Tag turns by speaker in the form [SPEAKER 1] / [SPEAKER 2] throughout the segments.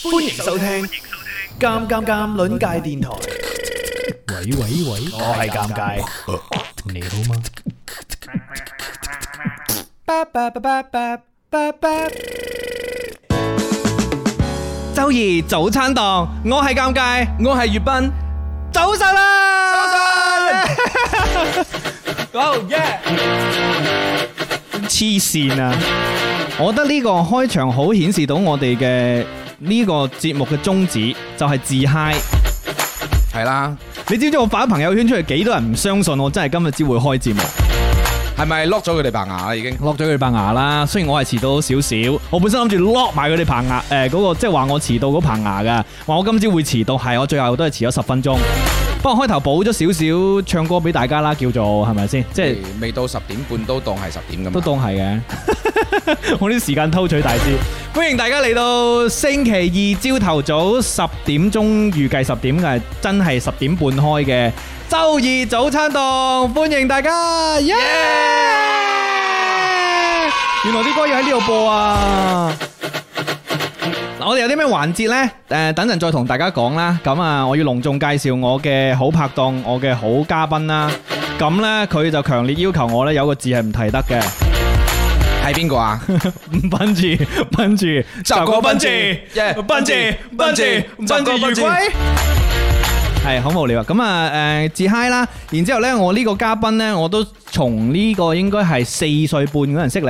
[SPEAKER 1] 歡迎收聽尷尷尷鄰界電台。甘甘甘，喂喂喂，我係尷尬。你好嗎？周二早餐檔，我係尷尬，我係悅斌。
[SPEAKER 2] 早晨啦、啊！早晨、啊。好耶！
[SPEAKER 1] 黐線啊！我覺得呢個開場好顯示到我哋嘅。呢個節目嘅宗旨就係自 high，係啦。你知唔知我發咗朋友圈出嚟幾多人唔相信我真係今日先會開節目？係咪 lock 咗佢哋棚牙啦？已經 lock 咗佢哋棚牙啦。雖然我係遲到少少，我本身諗住 lock 埋佢哋棚牙。誒、呃，嗰、嗰個即係話我遲到嗰棚牙嘅話，我今朝會遲到，係我最後都係遲咗十分鐘。不過開頭補咗少少唱歌俾大家啦，叫做係咪先？即係未到十點半都當係十點咁，都當係嘅。 我呢啲時間偷取大師，歡迎大家嚟到星期二朝頭早十點鐘，預計十點嘅，真係十點半開嘅周二早餐檔，歡迎大家。耶、yeah!！Yeah! 原來啲歌要喺呢度播啊！Yeah. 我哋有啲咩環節呢？誒，等陣再同大家講啦。咁啊，我要隆重介紹我嘅好拍檔、我嘅好嘉賓啦。咁呢，佢就強烈要求我呢：「有個字係唔提得嘅，係邊個啊？唔奔字，奔字，十個奔字，
[SPEAKER 3] 一奔字，奔字，奔字，十個
[SPEAKER 1] 係好無聊啊！咁啊，誒，自嗨啦，然之後咧，我呢個嘉賓咧，我都從呢個應該係四歲半嗰陣識你，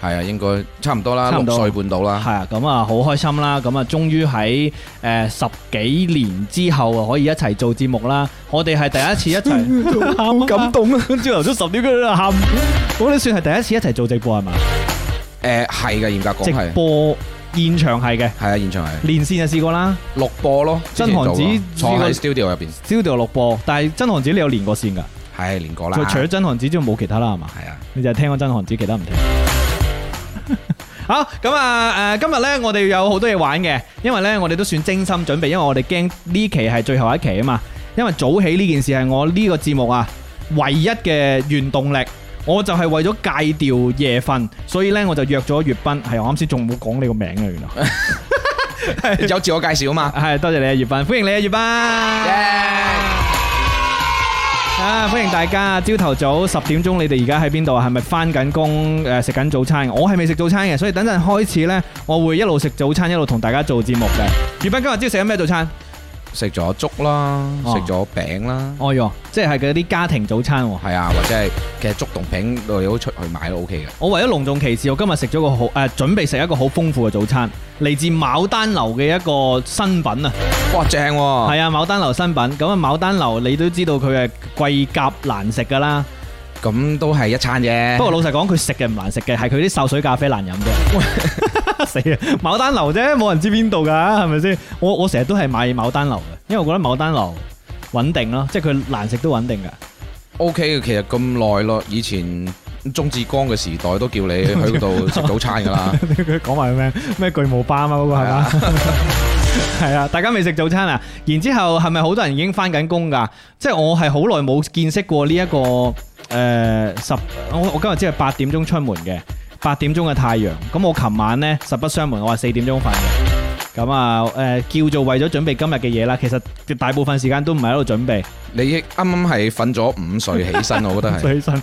[SPEAKER 1] 係啊，應該差唔多啦，六歲不半到啦，係啊，咁啊，好開心啦，咁啊，終於喺誒十幾年之後啊，可以一齊做節目啦，我哋係第一次一齊， 好感動啊！ 朝頭早十點佢哋就喊，咁你算係第一次一齊做直播係嘛？誒，係噶、呃，嚴格講即係播。現場係嘅，係啊，現場係連線就試過啦，錄播咯，真韓子坐喺 studio 入邊，studio 錄播，但係真韓子你有連過線噶，係啊，連過啦，除咗真韓子之外冇其他啦，係嘛的，係啊的，你就聽個真韓子，其他唔聽。的 好，咁啊，誒、呃，今日咧我哋有好多嘢玩嘅，因為咧我哋都算精心準備，因為我哋驚呢期係最後一期啊嘛，因為早起呢件事係我呢個節目啊唯一嘅原動力。我就係為咗戒掉夜瞓，所以呢，我就約咗悅斌。係我啱先仲冇講你個名嘅，原來 有自我介紹啊嘛，係多謝你啊，悅斌，歡迎你啊，悅斌
[SPEAKER 2] ，Yeah.
[SPEAKER 1] 啊歡迎大家，朝頭早十點鐘，你哋而家喺邊度啊？係咪返緊工，誒，食緊早餐？我係未食早餐嘅，所以等陣開始呢，我會一路食早餐一路同大家做節目嘅。悅斌今日朝食緊咩早餐？食咗粥啦，食咗餅啦，哦，啊哎、呦即係嗰啲家庭早餐，啊，係啊，或者係其實粥同餅，我哋都出去買都 OK 嘅。我為咗隆重其事，我今日食咗個好，誒、呃，準備食一個好豐富嘅早餐，嚟自牡丹樓嘅一個新品啊！哇，正喎！係啊，牡、啊、丹樓新品，咁啊，牡丹樓你都知道佢係貴甲難食噶啦。咁都係一餐啫。不過老實講，佢食嘅唔難食嘅，係佢啲瘦水咖啡難飲嘅。死啊！牡丹樓啫，冇人知邊度噶，係咪先？我我成日都係買牡丹樓嘅，因為我覺得牡丹樓穩定咯，即係佢難食都穩定嘅。OK 嘅，其實咁耐咯，以前鍾志光嘅時代都叫你去嗰度食早餐噶啦。佢講埋咩咩巨無霸啊嘛，嗰個係咪啊？係啊！大家未食早餐啊？然之後係咪好多人已經翻緊工㗎？即係我係好耐冇見識過呢一個。誒、呃，十我我今日即係八點鐘出門嘅，八點鐘嘅太陽。咁我琴晚呢，實不相瞞，我係四點鐘瞓嘅。咁啊，誒、呃、叫做為咗準備今日嘅嘢啦。其實大部分時間都唔係喺度準備。你啱啱係瞓咗午睡起身，我覺得係。起身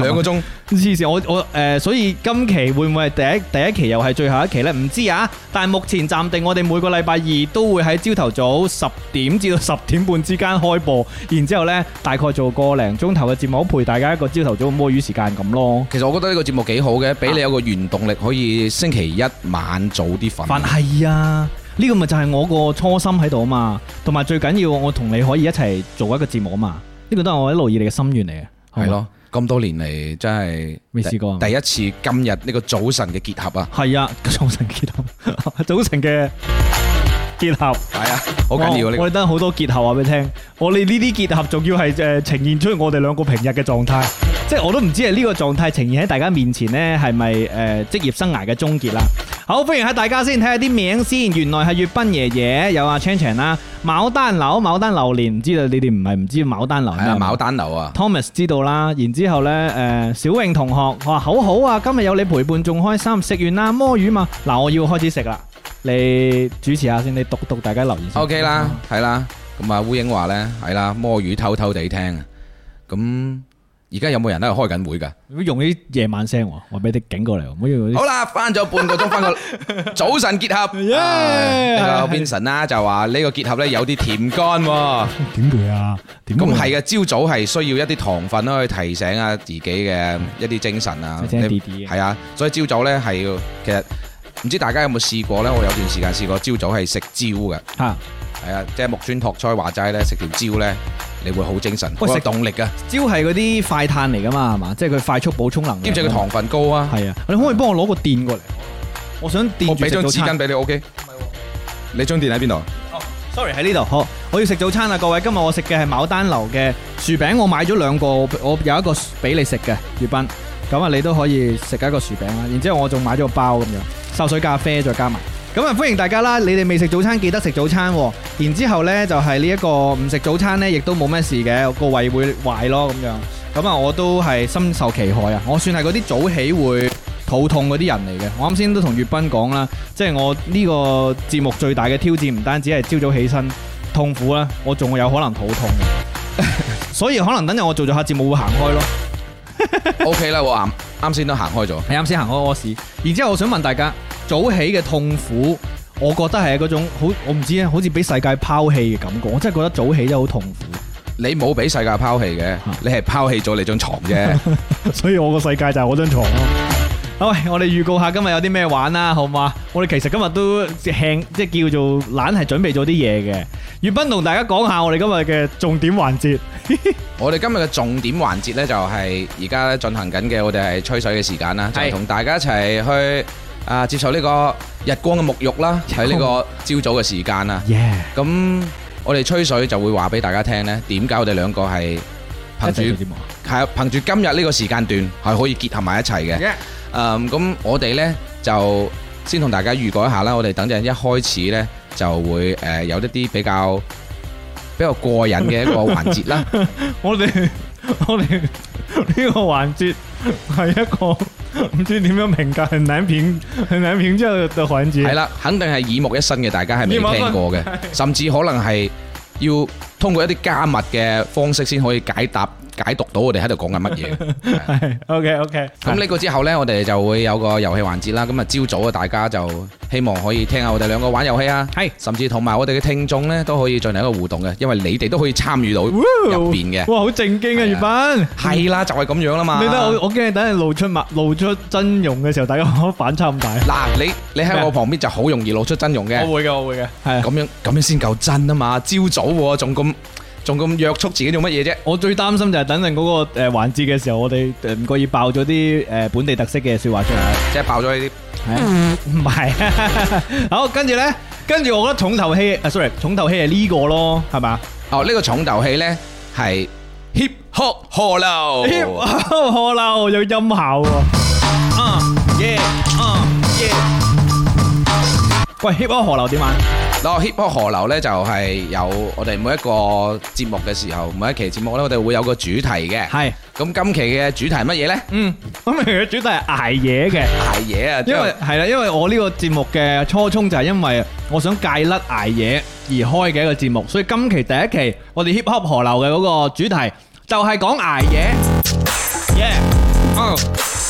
[SPEAKER 1] 兩個鐘，是是，我我誒、呃，所以今期會唔會係第一第一期又係最後一期呢？唔知啊，但係目前暫定，我哋每個禮拜二都會喺朝頭早十點至到十點半之間開播，然之後呢，大概做個零鐘頭嘅節目，陪大家一個朝頭早摸魚時間咁咯。其實我覺得呢個節目
[SPEAKER 3] 幾好嘅，俾你有個原動力，可以星期一晚早啲瞓。係
[SPEAKER 1] 啊。呢個咪就係我個初心喺度啊嘛，同埋最緊要我同你可以一齊做一個節目啊嘛，呢、這個都係我一路以嚟嘅心願嚟嘅。係咯的，咁吧多年嚟真係未試過。第一次今日呢個早晨嘅結合啊。係啊，早晨結合，早晨嘅結合係啊，好緊要、哦這個、我哋得好多結合話俾你聽，我哋呢啲結合仲要係誒呈現出我哋兩個平日嘅狀態，即、就、係、是、我都唔知係呢個狀態呈現喺大家面前呢，係咪誒職業生涯嘅終結啦。.好，歡迎下大家先睇下啲名先，原來係悅斌爺爺，有阿 Chanchan 啦，牡丹樓，牡丹榴蓮，唔知道你哋唔係唔知牡丹樓啊？係牡丹樓啊。Thomas 知道啦，然之後咧，誒、呃，小穎同學話、哦、好好啊，今日有你陪伴仲開心，食完啦，魔魚嘛，嗱，我要開始食啦，你主持下先，你讀讀，讀，讀大家留言。O、okay, K 啦，係啦、嗯，咁啊，烏英話呢，係啦，魔魚偷偷地聽啊，咁。而家有冇人喺度開緊會噶？如果用啲夜晚聲，我俾啲警過嚟。唔好用好
[SPEAKER 3] 啦，翻咗半個鐘，翻個 早晨結合。v 神啦的，就話呢個結合咧有啲甜乾。點會、哎、啊？咁係啊，朝早係需要一啲糖分咧去提醒啊自己嘅一啲精神啊。係啊，所以朝早咧係其實唔知大家有冇試過咧？我有段時間試過朝早係食蕉嘅。啊係啊，即係木村拓哉話齋咧，食條蕉咧，你會好精
[SPEAKER 1] 神，喂，食動力噶。蕉係嗰啲快碳嚟噶嘛，係嘛？即係佢快速補充能量。兼且佢糖分高啊。係啊，啊你可唔可以幫我攞個電過嚟，我想電。我俾張紙巾俾你，OK？你張電喺邊度？哦，sorry，喺呢度。好，我要食早餐啦，各位。今日我食嘅係牡丹樓嘅薯餅，我買咗兩個，我有一個俾你食嘅悅斌，咁啊你都可以食一個薯餅啦。然之後我仲買咗個包咁樣，瘦水咖啡再加埋。咁啊，歡迎大家啦！你哋未食早餐記得食早餐喎、哦。然之後呢，就係呢一個唔食早餐呢，亦都冇咩事嘅，個胃會壞咯咁樣。咁啊，我都係深受其害啊！我算係嗰啲早起會肚痛嗰啲人嚟嘅。我啱先都同悅斌講啦，即係我呢個節目最大嘅挑戰唔單止係朝早起身痛苦啦，我仲會有可能肚痛， 所以可能等陣我做咗下節目會行開咯。OK 啦，我啱先都行開咗，喺啱先行開屙屎，然之後我想問大家早起嘅痛苦，我覺得係嗰種好，我唔知啊，好似俾世界拋棄嘅感覺，我真係覺得早起都好痛苦。你冇俾世界拋棄嘅，你係拋棄咗你張床啫，所以我個世界就係張床。喂，我哋預告下今日有啲咩玩啦，好嘛？我哋其實今日都即興，即係叫做懶，係準備咗啲嘢嘅。悅斌同大家講下我哋今日嘅重點環節。
[SPEAKER 3] 我哋今日嘅重點環節呢，就係而家進行緊嘅，我哋係吹水嘅時間啦，就係同大家一齊去啊接受呢個日光嘅沐浴啦，喺呢個朝早嘅時間啦。咁我哋吹水就會話俾大家聽呢，點解我哋兩個係憑住係憑住今日呢個時間段係可以結合埋一齊嘅？誒，咁我哋呢就先同大家預告一下啦，我哋等陣一開始呢就會誒有一啲比較比較過癮嘅一個環節啦。
[SPEAKER 1] 我哋我哋呢個環節係一個唔知點樣評價，係難評，係難評價嘅環節。係啦，肯定係耳目一新嘅，大
[SPEAKER 3] 家係未聽過嘅，甚至可能係要通過一啲加密嘅方式先可以解答。解讀到我哋喺度講緊乜嘢？係
[SPEAKER 1] OK OK。咁呢個之
[SPEAKER 3] 後呢，我哋就會有個遊戲環節啦。咁啊，朝早啊，大家就希望可以聽下我哋兩個玩遊戲啊。係，甚至同埋我哋嘅聽眾呢都可以進行一個互動嘅，因為你哋都可以參與到入邊嘅。哇，好正經啊，悅斌。係啦，就係咁樣啦嘛。你睇我，
[SPEAKER 1] 我驚等你露出麥、露出真容嘅時候，大家反差咁大。嗱，你你喺我旁邊就好容易露出真容嘅。我會嘅，我會嘅。係。咁樣咁樣先夠真啊嘛！朝早仲咁。仲咁約束自己做乜嘢啫？我最擔心就係等陣嗰個誒環節嘅時候，我哋唔覺意爆咗啲誒本地特色嘅説話出嚟，即係爆咗呢啲，唔係。好，跟住咧，跟住我覺得重頭戲，啊，sorry，重頭戲係呢個咯，係嘛？哦，呢個重頭戲咧係 Hip Hop 河流，Hip Hop 河流有音效喎。嗯，yeah，嗯，yeah。喂，Hip Hop 河流點玩？
[SPEAKER 3] 嗱，hip hop 河流咧就係有我哋每一個節目嘅時候，每一期節目咧，我哋會有個主題嘅。係。咁今期嘅主題係乜嘢咧？嗯，咁期嘅主題係捱
[SPEAKER 1] 夜嘅。捱夜啊！因為係啦，因為我呢個節目嘅初衷就係因為我想戒甩捱夜而開嘅一個節目，所以今期第一期我哋 hip hop 河流嘅嗰個主題就係講捱夜。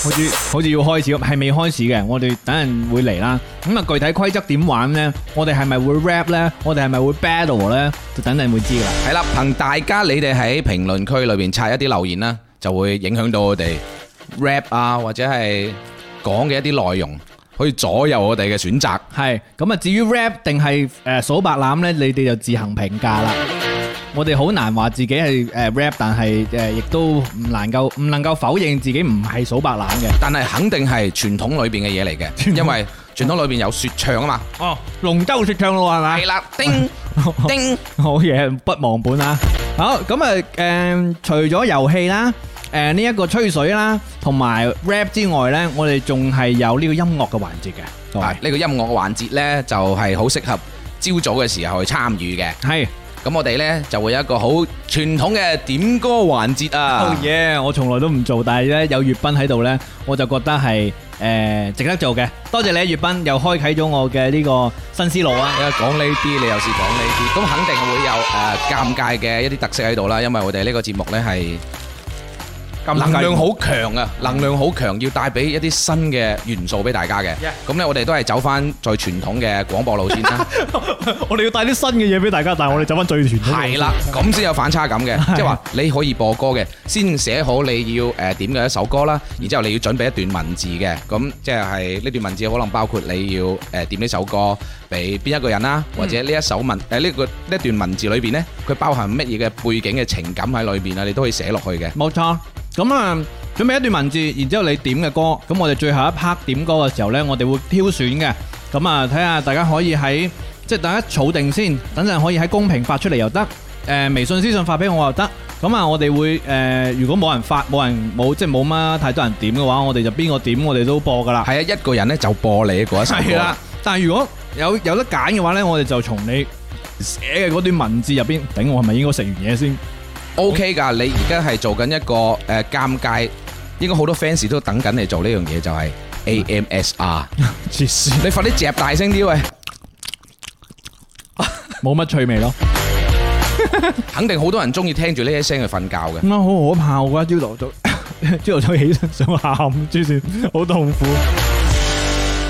[SPEAKER 1] 好似好似要開始，係未開始嘅，我哋等人會嚟。啦。咁啊，具體規則點玩咧？我哋係咪會 rap 咧？我哋係咪會 battle 咧？就等你會知啦。係啦，憑大家你哋喺評
[SPEAKER 3] 論區裏邊刷一啲留言啦，就會影響到我哋 rap 啊，或者係
[SPEAKER 1] 講嘅一啲內容，可以左右我哋嘅選擇。係咁啊，至於 rap 定係誒數白欖咧，你哋就自行評價啦。我哋好難話自己係誒 rap，但係誒亦都唔能夠唔能夠否認自己唔係數白欖嘅，但係肯
[SPEAKER 3] 定係傳統裏邊嘅嘢嚟嘅，因為傳統裏邊有說唱啊嘛。
[SPEAKER 1] 哦，龍舟說唱咯係咪？係啦，叮叮，好嘢，不忘本啊！好咁啊，誒，除咗遊戲啦，誒呢一個吹水啦，同埋 rap 之外咧，我哋仲係有呢個音樂嘅環節嘅。哦，呢個音樂嘅環節咧就係好適合
[SPEAKER 3] 朝早嘅時候去參與嘅。係。咁我哋呢就會有一個好傳統嘅點
[SPEAKER 1] 歌環節啊！哦耶，我從來都唔做，但係呢有悅斌喺度呢，我就覺得係誒值得做嘅。多謝你，悅斌又開啟咗我嘅呢個新思路啊！而家講呢啲，你又是講呢啲，咁肯定會有誒尷尬嘅一啲特色喺度啦，因為我哋呢
[SPEAKER 3] 個節目呢係。能量好強啊！能量好強，要帶俾一啲新嘅元素俾大家嘅。咁咧，我哋都係走翻最傳統嘅廣播路線啦。我哋要帶啲新嘅嘢俾大家，但係我哋走翻最傳統。係啦，咁先有反差感嘅，即係話你可以播歌嘅，先寫好你要誒點嘅一首歌啦，然之後你要準備一段文字嘅。咁即係呢段文字可能包括你要誒點呢首歌俾邊一個人啦，或者呢一首文誒呢個呢一段文字裏邊呢，佢包含乜嘢嘅背景嘅情感喺裏
[SPEAKER 1] 邊啊？你都可以寫落去嘅。冇錯。咁啊，準備一段文字，然之後你點嘅歌，咁我哋最後一 part 點歌嘅時候咧，我哋會挑選嘅。咁啊，睇下大家可以喺即係大家儲定先，等陣可以喺公屏發出嚟又得，誒微信私信發俾我又得。咁啊，我哋會誒，如果冇人發，冇人冇即係冇乜太多人點嘅話，我哋就邊個點我哋都播噶啦。係啊，一個人咧就播你一個。係啦，但係如果有有得揀嘅話咧，我哋就從你寫嘅嗰段文字入邊頂我係咪應該食完嘢先？O
[SPEAKER 3] K 噶，你而家係做緊一個誒尷尬，應該好多 fans 都等緊你做呢樣嘢，就係、是、A M S R。
[SPEAKER 1] 黐線！你快啲
[SPEAKER 3] 嚼大聲啲喂，
[SPEAKER 1] 冇乜趣味咯。
[SPEAKER 3] 肯定好多人中意聽住呢一聲去瞓
[SPEAKER 1] 覺嘅。咁樣好、嗯、可怕，我覺得朝頭早，上早上，朝頭早上起身想喊，黐線，好痛苦。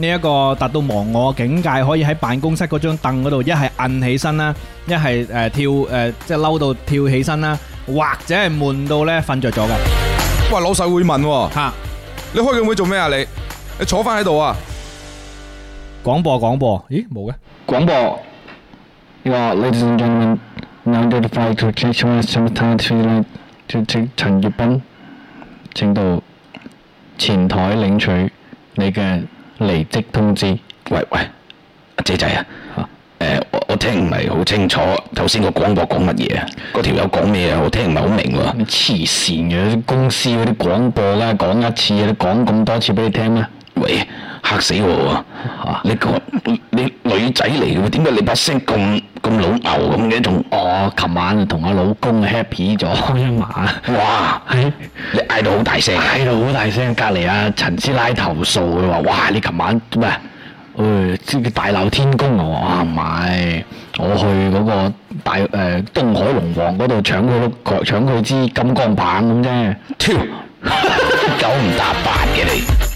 [SPEAKER 1] 呢一個達到忘我境界，可以喺辦公室嗰張凳嗰度，一係摁起身啦，一係誒跳誒，即係嬲到跳起身啦，或者係悶到咧瞓着咗嘅。喂，老細會問，吓，你開個會做咩啊？你，你坐翻喺度啊？廣播，廣播，咦，冇嘅。廣播，你 Ladies and gentlemen 陳悦斌，請到前台領取你嘅。立即通知。喂喂，
[SPEAKER 3] 阿姐仔啊，啊呃、我我聽唔係好清楚頭先個廣播講乜嘢啊？嗰條友講咩啊？我聽唔係好明喎、啊。
[SPEAKER 1] 黐線嘅，公司嗰啲廣播啦，講一次，你講咁多次俾你聽咩？喂。
[SPEAKER 3] 嚇死我喎、啊！你個你女仔嚟嘅喎，點解你把聲咁咁老牛咁嘅？仲哦，
[SPEAKER 1] 琴晚同阿老公 happy 咗一晚。哇！你嗌到好大聲，嗌到好大聲，隔離阿陳師奶投訴佢話，哇！你琴晚咩？誒，即係大鬧天宮啊！我話唔係，我去嗰個大誒、呃、東海龍王嗰度搶佢碌，搶佢支金鋼棒咁啫。跳
[SPEAKER 2] 狗唔搭八嘅你。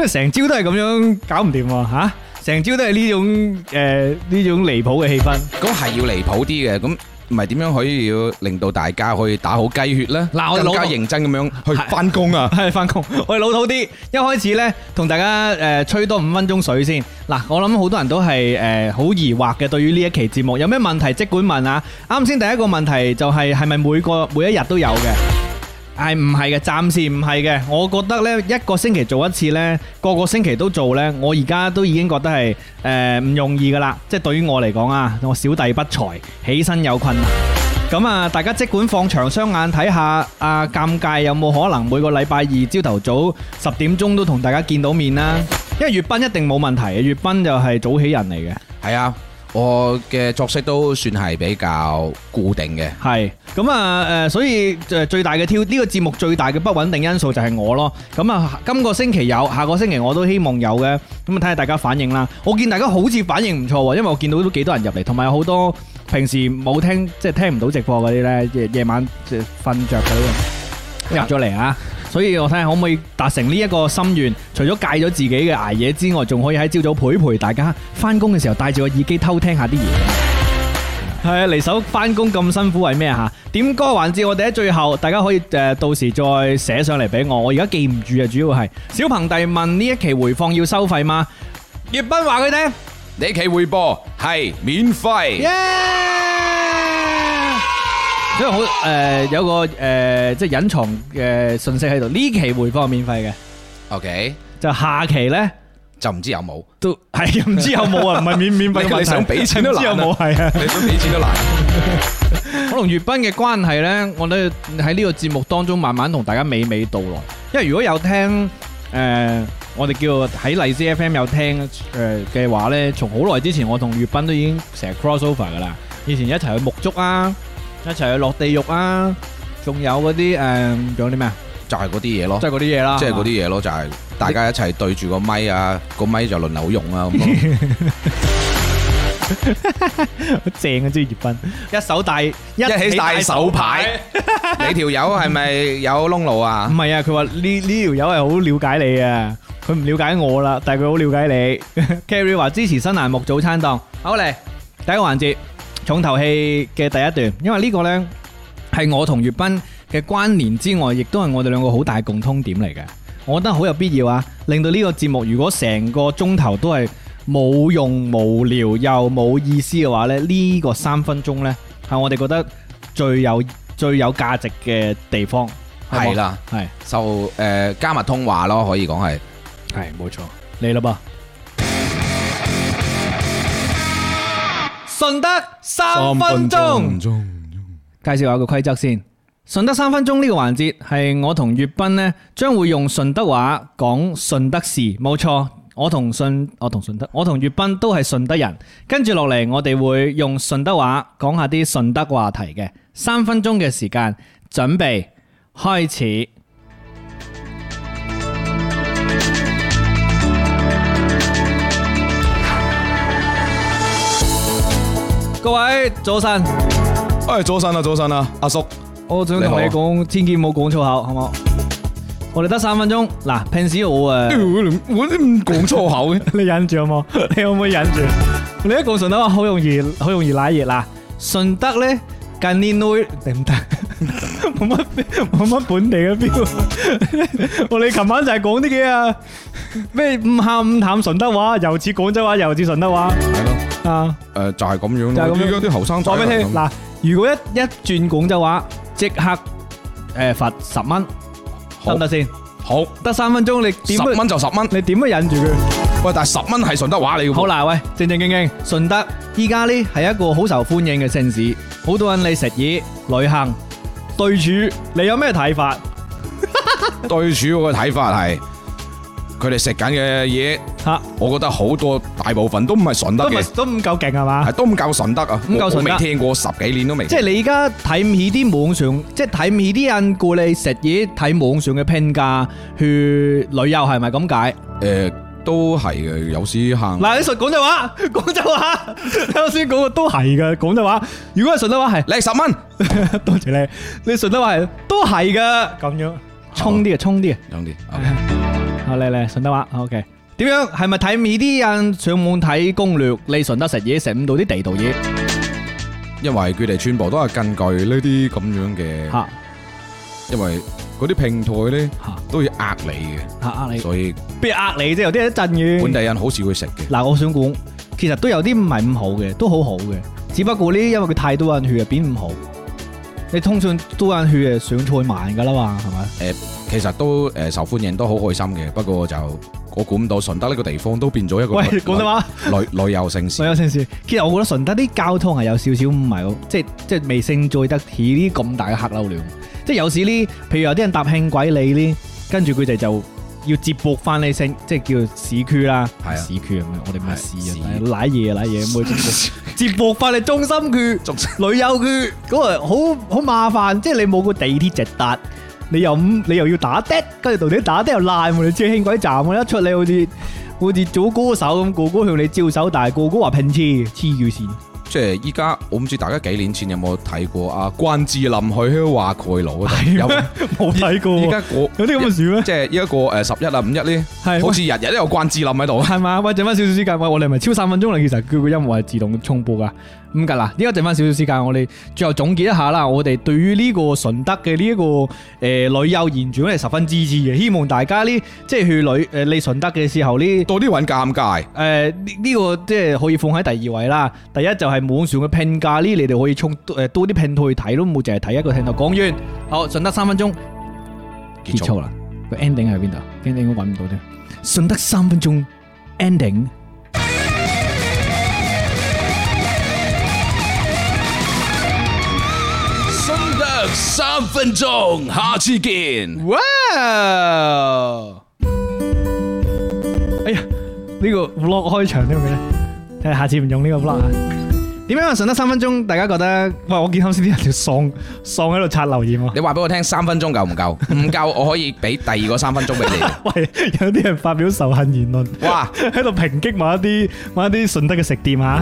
[SPEAKER 1] 咁成朝都係咁樣搞唔掂，吓成朝都係呢種誒呢種離譜嘅氣
[SPEAKER 3] 氛。咁係要離譜啲嘅，咁唔係點樣可以要令到大家可以打好雞血呢？
[SPEAKER 1] 嗱，我哋更加認真咁樣去翻工啊！係翻工，我哋老土啲。一開始呢，同大家誒吹多五分鐘水先。嗱，我諗好多人都係誒好疑惑嘅，對於呢一期節目有咩問題，即管問啊！啱先第一個問題就係係咪每個每一日都有嘅？係唔係嘅？哎、暫時唔係嘅。我覺得呢一個星期做一次呢個個星期都做呢，我而家都已經覺得係誒唔容易噶啦。即係對於我嚟講啊，我小弟不才，起身有困難。咁、嗯、啊，大家即管放長雙眼睇下啊，尷尬有冇可能每個禮拜二朝頭早十點鐘都同大家見到面啦？因為悅斌一定冇問題，悅斌又係早起人嚟嘅，係啊。我嘅作息都算係比較固定嘅，係咁啊，誒、呃，所以誒最大嘅挑呢、呢個節目最大嘅不穩定因素就係我咯。咁啊，今、今個星期有，下個星期我都希望有嘅。咁啊，睇下大家反應啦。我見大家好似反應唔錯，因為我見到都幾多人入嚟，同埋有好多平時冇聽，即係聽唔到直播嗰啲呢，夜晚即係瞓著咗入咗嚟啊！所以我睇下可唔可以達成呢一個心願，除咗戒咗自己嘅挨夜之外，仲可以喺朝早陪陪大家翻工嘅時候，帶住個耳機偷聽下啲嘢。係啊，嚟首翻工咁辛苦為咩啊？吓，點歌環節我哋喺最後，大家可以誒到時再寫上嚟俾我，我而家記唔住啊，主要係小鵬弟問呢一期回放要收費嗎？
[SPEAKER 3] 悅斌話佢聽呢期回播係免費。
[SPEAKER 1] 因為好誒、呃，有個誒、呃、即係隱藏嘅信息喺度。呢期回放係免費嘅，OK。就下期咧就唔知有冇，都係唔知有冇啊！唔係免免費， 你想俾錢都難。有冇
[SPEAKER 3] 係啊？ 你想俾錢都難。
[SPEAKER 1] 我同悅斌嘅關係咧，我都要喺呢個節目當中慢慢同大家娓娓道來。因為如果有聽誒、呃，我哋叫喺荔枝 FM 有聽誒嘅話咧，從好耐之前我同悅斌都已經成日 crossover 噶啦，以前一齊去沐足啊。一齊去落地獄啊！仲有嗰啲誒，仲有啲咩啊？就係嗰啲嘢咯，即係嗰啲嘢啦，即係嗰啲
[SPEAKER 3] 嘢咯，就係大家一齊對住個咪啊，個咪就輪流用啊，咁好
[SPEAKER 1] 正啊！即係悅斌，一手帶，一起帶手牌，你條友係咪有窿路啊？唔係啊，佢話呢呢條友係好了解你啊，佢唔了解我啦，但係佢好了解你。Carrie 話支持新欄目《早餐檔》，好嚟，第一個環節。重頭戲嘅第一段，因為呢個咧，係我同悅斌嘅關聯之外，亦都係我哋兩個好大共通點嚟嘅。我覺得好有必要啊，令到呢個節目如果成個鐘頭都係冇用，無聊又冇意思嘅話咧，呢個三分鐘咧，係我哋覺得最有最有價值嘅地方。係啦，係就誒加密通話咯，可以講係係冇錯你啦噃。順德
[SPEAKER 2] 三分鐘，分鐘
[SPEAKER 1] 介紹下個規則先。順德三分鐘呢個環節係我同悅斌咧，將會用順德話講順德事。冇錯，我同順，我同順德，我同悅斌都係順德人。跟住落嚟，我哋會用順德話講下啲順德話題嘅。三分鐘嘅時間，準備開始。各位早晨，哎早晨啊，早晨啊，阿叔，我想同你講，千祈唔好講粗口，好唔好？我哋得三分鐘。嗱，平時我誒，我都唔講粗口嘅，你忍住好冇？你可唔可以忍住？你一講順德話好容易，好容易拉熱啦。順德咧，近年會點得？冇乜冇乜本地嘅標。我哋琴晚就係講啲嘅啊，咩唔鹹唔淡順德話，又似廣州話，又似順德話。係咯。
[SPEAKER 3] 啊！誒就係咁樣，而家啲後生仔。再俾聽嗱，
[SPEAKER 1] 如果一一轉廣州話，即刻誒罰十蚊，得唔得先？好得三分鐘，你十蚊就十蚊，你點會忍住佢？喂，但係十蚊係順德話你要。好啦，喂，正正經經，順德依家呢係一個好受歡迎嘅城市，好多人嚟食嘢、旅行。對處，你有咩睇法？對處，我嘅睇法係。佢哋食緊
[SPEAKER 3] 嘅嘢，我覺得好多大部分都唔係順德嘅，
[SPEAKER 1] 都唔夠勁係嘛？係都唔夠順德啊！我未聽
[SPEAKER 3] 過十幾年都未。即係你
[SPEAKER 1] 而家睇唔起啲網上，即係睇唔起啲人過嚟食嘢，睇網上嘅評價去旅遊，係咪咁解？誒，都係嘅，有啲坑。嗱，你講廣州話，廣州話，頭先講嘅都係嘅，廣州話。如果係順德話係，你十蚊多謝你。你順德話係都係嘅，咁樣。衝啲啊，衝啲啊，衝啲。好嚟嚟順德話，OK，點樣係咪睇面啲人上網睇攻略，你順德食嘢食唔到啲地道嘢？因為佢哋全部都係根據呢啲咁樣嘅，吓哈，因為嗰啲平台咧吓哈都要呃你嘅，吓呃你，所以譬如呃你啫，有啲一陣遠。本地人好少會食嘅。嗱，我想講，其實都有啲唔係唔好嘅，都好好嘅，只不過咧因為佢太多人去啊，變唔好。你通常多人去啊上菜慢噶啦嘛，係咪？
[SPEAKER 3] 誒、嗯。其實都誒受歡迎，都好開心嘅。不過就我估唔到
[SPEAKER 1] 順德呢個地方都變咗一個，喂，講咩話？旅旅遊城市，旅遊城市。其實我覺得順德啲交通係有少少唔係，即係即係未承載得起啲咁大嘅客流量。即係有時呢，譬如有啲人搭輕軌你呢，跟住佢哋就要接駁翻你城，即係叫市區啦，係市區咁樣。我哋咪市啊，奶嘢奶嘢咁去接駁翻你中心區、旅遊區，咁啊好好麻煩。即係你冇個地鐵直達。.你又唔，你又要打的，跟住同你打的又爛喎，車輕軌站我一出嚟好似好似做歌手咁，哥哥向你招手，大係哥哥話拼車黐住線。即係
[SPEAKER 3] 依家我唔知大家幾年前有冇睇過阿關智霖去喺度話佢有冇睇過。依、啊、家嗎有啲咁嘅事咩？即係一個誒十一啊五一咧，係是好似日日都有
[SPEAKER 1] 關智霖喺度，係嘛喂？喂，剩翻少少時間，喂，我哋係咪超三分鐘啦？其實佢個音樂係自動重播噶。咁噶啦，呢個剩翻少少時間，我哋最後總結一下啦。我哋對於呢個順德嘅呢一個誒旅遊宣傳都係十分支持嘅。希望大家呢，即係去旅誒嚟順德嘅時候呢，多啲搵尷尬。誒呢呢個即係可以放喺第二位啦。第一就係網上嘅評價呢，你哋可以從誒多啲平台去睇咯，冇淨係睇一個平台。講完，好順德三分鐘結束啦。個 ending 喺邊度？ending 我搵唔到添。順德三分鐘 ending。
[SPEAKER 3] 三分鐘，下次見。
[SPEAKER 1] 哇！哎呀，呢個 vlog 開場添嘅，睇下下次唔用呢個 vlog。點解話順德三分鐘？大家覺得喂，我見啱先啲人就喪喪喺度刷留言。你話俾我聽，三分
[SPEAKER 3] 鐘夠唔夠？唔夠，我可以俾第二個三分鐘俾你。
[SPEAKER 1] 喂，有啲人發表仇恨言論。哇，喺度抨擊某一啲某一啲順德嘅食店吓。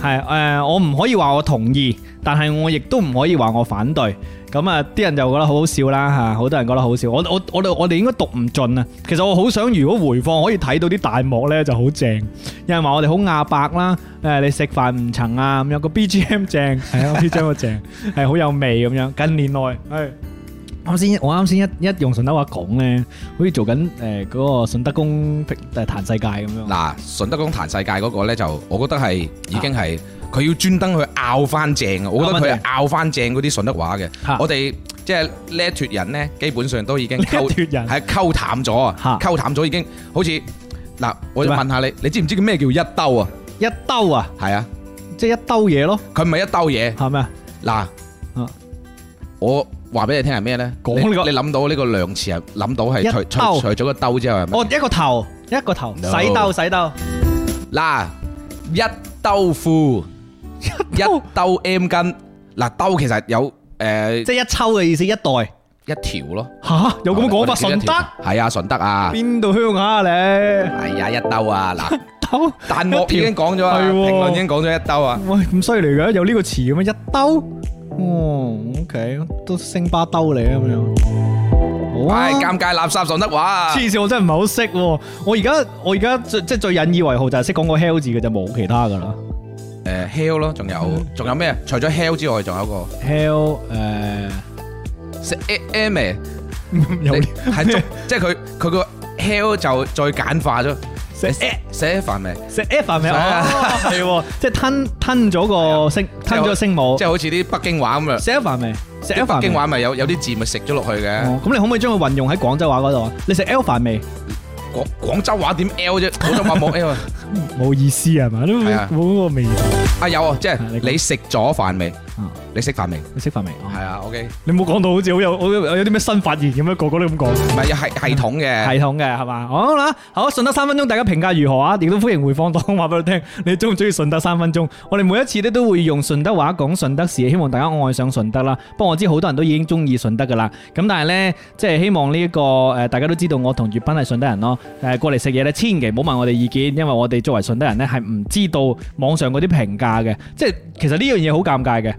[SPEAKER 1] 係誒，我唔可以話我同意，但係我亦都唔可以話我反對。咁啊，啲人就覺得好好笑啦嚇，好多人覺得好笑。我我我哋我哋應該讀唔盡啊。其實我好想如果回放可以睇到啲彈幕咧，就好正。 有人話我哋好亞白啦，誒，你食飯唔曾啊咁樣。個 BGM 正，係啊 BGM 正，係好有味咁樣。近年內，係啱先我啱先一一用順德話講咧，好似做緊誒嗰個順德公誒彈世界咁樣。
[SPEAKER 3] 嗱，順德公彈世界嗰個咧就，我覺得係已經係。啊佢要專登去拗翻正啊！我覺得佢係拗翻正嗰啲順德話嘅。我哋即係叻脫人咧，基本上都已經，叻脫人係溝淡咗啊，溝淡咗已經。好似嗱，我就問下你，你知唔知咩叫一兜啊？一兜啊，係啊，即係一兜嘢咯。佢唔係一兜嘢，係咩？嗱，我話俾你聽係咩咧？講呢個，你諗到呢個量詞係諗到係除除咗個兜之後，係咩，哦，一個頭，一個頭，洗兜洗兜。嗱，一兜褲。一兜 M 巾，嗱兜其實有誒，即係一抽嘅意思，一袋一條咯吓，有咁講咩？順德係啊，順德啊，邊
[SPEAKER 1] 度鄉下啊你？係
[SPEAKER 3] 啊，一兜啊，嗱兜，但我已經講咗啦，評論已經講咗一兜啊，
[SPEAKER 1] 喂，咁犀利嘅，有呢個詞嘅咩？一兜，哦，OK，都星巴兜嚟咁樣，唉尷尬
[SPEAKER 3] 垃圾順德話，黐
[SPEAKER 1] 線，我真係唔係好識喎，我而家我而家最即係最引以為豪就係識講個 hell 字嘅就冇其他噶啦。
[SPEAKER 3] 誒 hell 咯，仲有仲有咩啊？除咗 hell 之外，仲有一個
[SPEAKER 1] hell，誒，
[SPEAKER 3] 食 f 未，有喺，即係佢佢個 hell 就再簡化咗。食 f 食 f 飯未？食 f 飯未？係喎，即係吞吞咗個聲，吞咗個聲母，即係好似啲北京話咁樣！食 f 飯未？食 f 飯未？北京話咪有有啲字咪食咗落
[SPEAKER 1] 去嘅，咁你可唔可以將佢運用喺廣州話嗰度啊？你食 f 飯未？
[SPEAKER 3] 廣廣州話點
[SPEAKER 1] L 啫，普通話冇 L 啊，冇 意思係嘛，都冇嗰個味道。的啊，有啊，即係你食咗飯未？你識發明？你識發明？係、哦、啊，OK。你冇講到好似好有有啲咩新發現咁樣，個個都咁講。唔係，有係系統嘅。系統嘅係嘛？好啦，好啊！順德三分鐘，大家評價如何啊？亦都歡迎回放當話俾我聽。你中唔中意順德三分鐘？我哋每一次咧都會用順德話講順德事，希望大家愛上順德啦。不過我知好多人都已經中意順德噶啦。咁但係呢，即係希望呢、這、一個誒，大家都知道我同悅斌係順德人咯。誒，過嚟食嘢呢，千祈唔好問我哋意見，因為我哋作為順德人呢，係唔知道網上嗰啲評價嘅。即係其實呢樣嘢好尷尬嘅。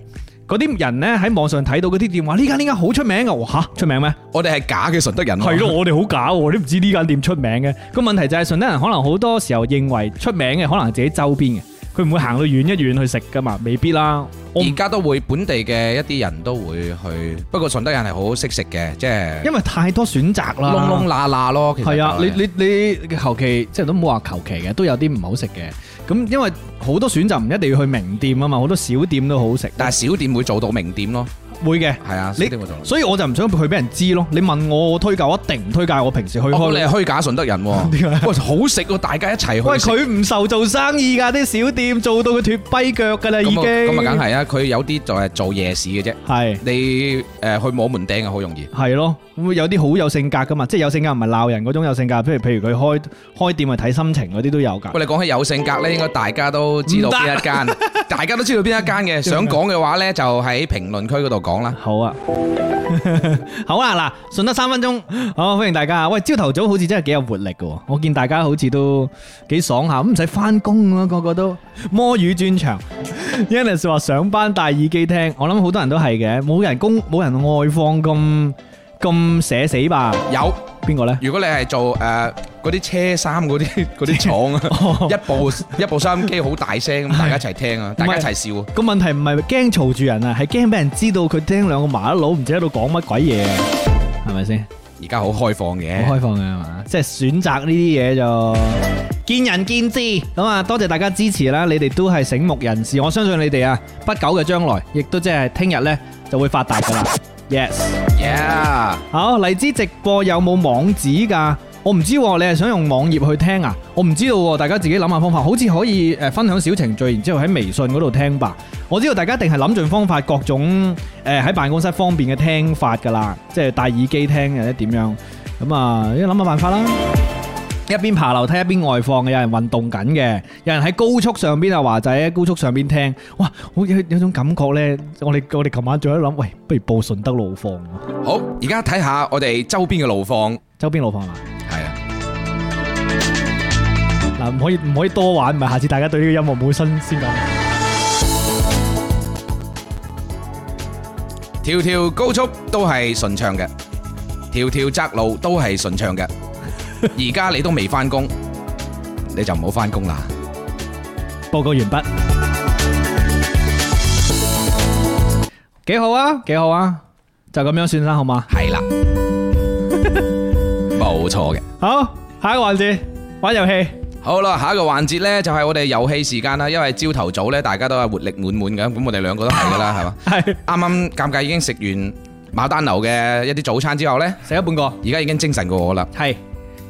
[SPEAKER 1] 嗰啲人咧，喺網上睇到嗰啲店，話呢間呢間好出名嘅。哇，嚇出名咩？我哋係假嘅順德人。係咯，我哋好假喎！你唔知呢間店出名嘅。個問題就係順德人可能好多時候認為出名嘅，可能自己周邊嘅，佢唔會行到遠一遠去食噶嘛，未必啦。我而家都會本地嘅一啲人都會去，不過順德人係好好識食嘅，
[SPEAKER 3] 即係因為
[SPEAKER 1] 太多選擇啦，窿窿罅罅咯。其實係啊，你你你求其即係都冇話求其嘅，都有啲唔好食嘅。咁因為好多選擇唔一定要去名店啊嘛，好多小店都好食。但係小店會做到名店咯。會嘅，係啊，你所以我就唔想佢俾人知咯。你問我，我推介一定唔推介。我平時去，開，你係虛假順德人喎，點解？喂，好食喎，大家一齊開。喂，佢唔愁做生意㗎，啲小店做到佢脫跛腳㗎啦，已經。咁啊，梗係
[SPEAKER 3] 啊，佢有啲就係做夜市嘅啫。係你誒去摸門釘嘅，好容易。係
[SPEAKER 1] 咯，會有啲好有性格㗎嘛，即係有性格唔係鬧人嗰種有性格，譬如譬如佢開開店啊，睇心情嗰啲都有㗎。喂，
[SPEAKER 3] 你講起有性格咧，應該大家都知道邊一間，大家都知道邊一
[SPEAKER 2] 間嘅。想講嘅
[SPEAKER 1] 話咧，就喺評論區嗰度講。講啦，好啊， 好啊啦嗱，順德三分鐘，好歡迎大家。喂，朝頭早好似真係幾有活力嘅，我見大家好似都幾爽下，唔使返工咁，個個都摸魚專場。Yannis 話上班戴耳機聽，我諗好多人都係嘅，冇人工，冇人外放咁。咁寫死吧？有邊個呢？如果你係做誒嗰啲車衫嗰啲
[SPEAKER 3] 嗰啲廠啊，一部一部收音機好大聲咁，大家一齊聽啊，大家一齊笑。
[SPEAKER 1] 個問題唔係驚嘈住人啊，係驚俾人知道佢聽兩個麻甩佬唔知喺度講乜鬼嘢，係咪先？而家好開放嘅，好開放嘅係嘛？即係選擇呢啲嘢就見仁見智。咁啊，多謝大家支持啦！你哋都係醒目人士，我相信你哋啊，不久嘅將來，亦都即係聽日呢就會發達㗎喇。Yes. Yeah. 好，荔枝直播有冇網址噶？我唔知，你係想用網頁去聽啊？我唔知道，大家自己諗下方法。好似可以誒，分享小程序，然之後喺微信嗰度聽吧。我知道大家一定係諗盡方法，各種誒喺辦公室方便嘅聽法噶啦，即係戴耳機聽或者點樣。咁啊，一諗下辦法啦。一邊爬樓梯一邊外放嘅，有人運動緊嘅，有人喺高速上邊啊華仔喺高速上邊聽，哇，好似有種感覺咧。我哋我哋琴晚仲喺諗，喂，不如報順德路況。
[SPEAKER 3] 好，而家睇下我哋周邊嘅路況，周邊路況啊，係啊。
[SPEAKER 1] 嗱，唔可以唔可以多玩，唔係下次大家對呢個音樂冇新鮮感。
[SPEAKER 3] 條條高速都係順暢嘅，條條窄路都係順暢嘅。而家你都未翻工，
[SPEAKER 1] 你就唔好翻工啦。報告完畢，幾好啊，幾好啊，就咁樣算啦，好嗎？係啦，冇錯嘅。好，下一個環節玩遊戲。
[SPEAKER 3] 好啦，下一個環節呢就係我哋遊戲時間啦。因為朝頭早呢，大家都係活力滿滿嘅，咁我哋兩個都係噶啦，係嘛？係。啱啱尷尬已經食完牡丹樓嘅一啲早餐
[SPEAKER 1] 之後呢，食咗半個，而家已經精神過我啦。係。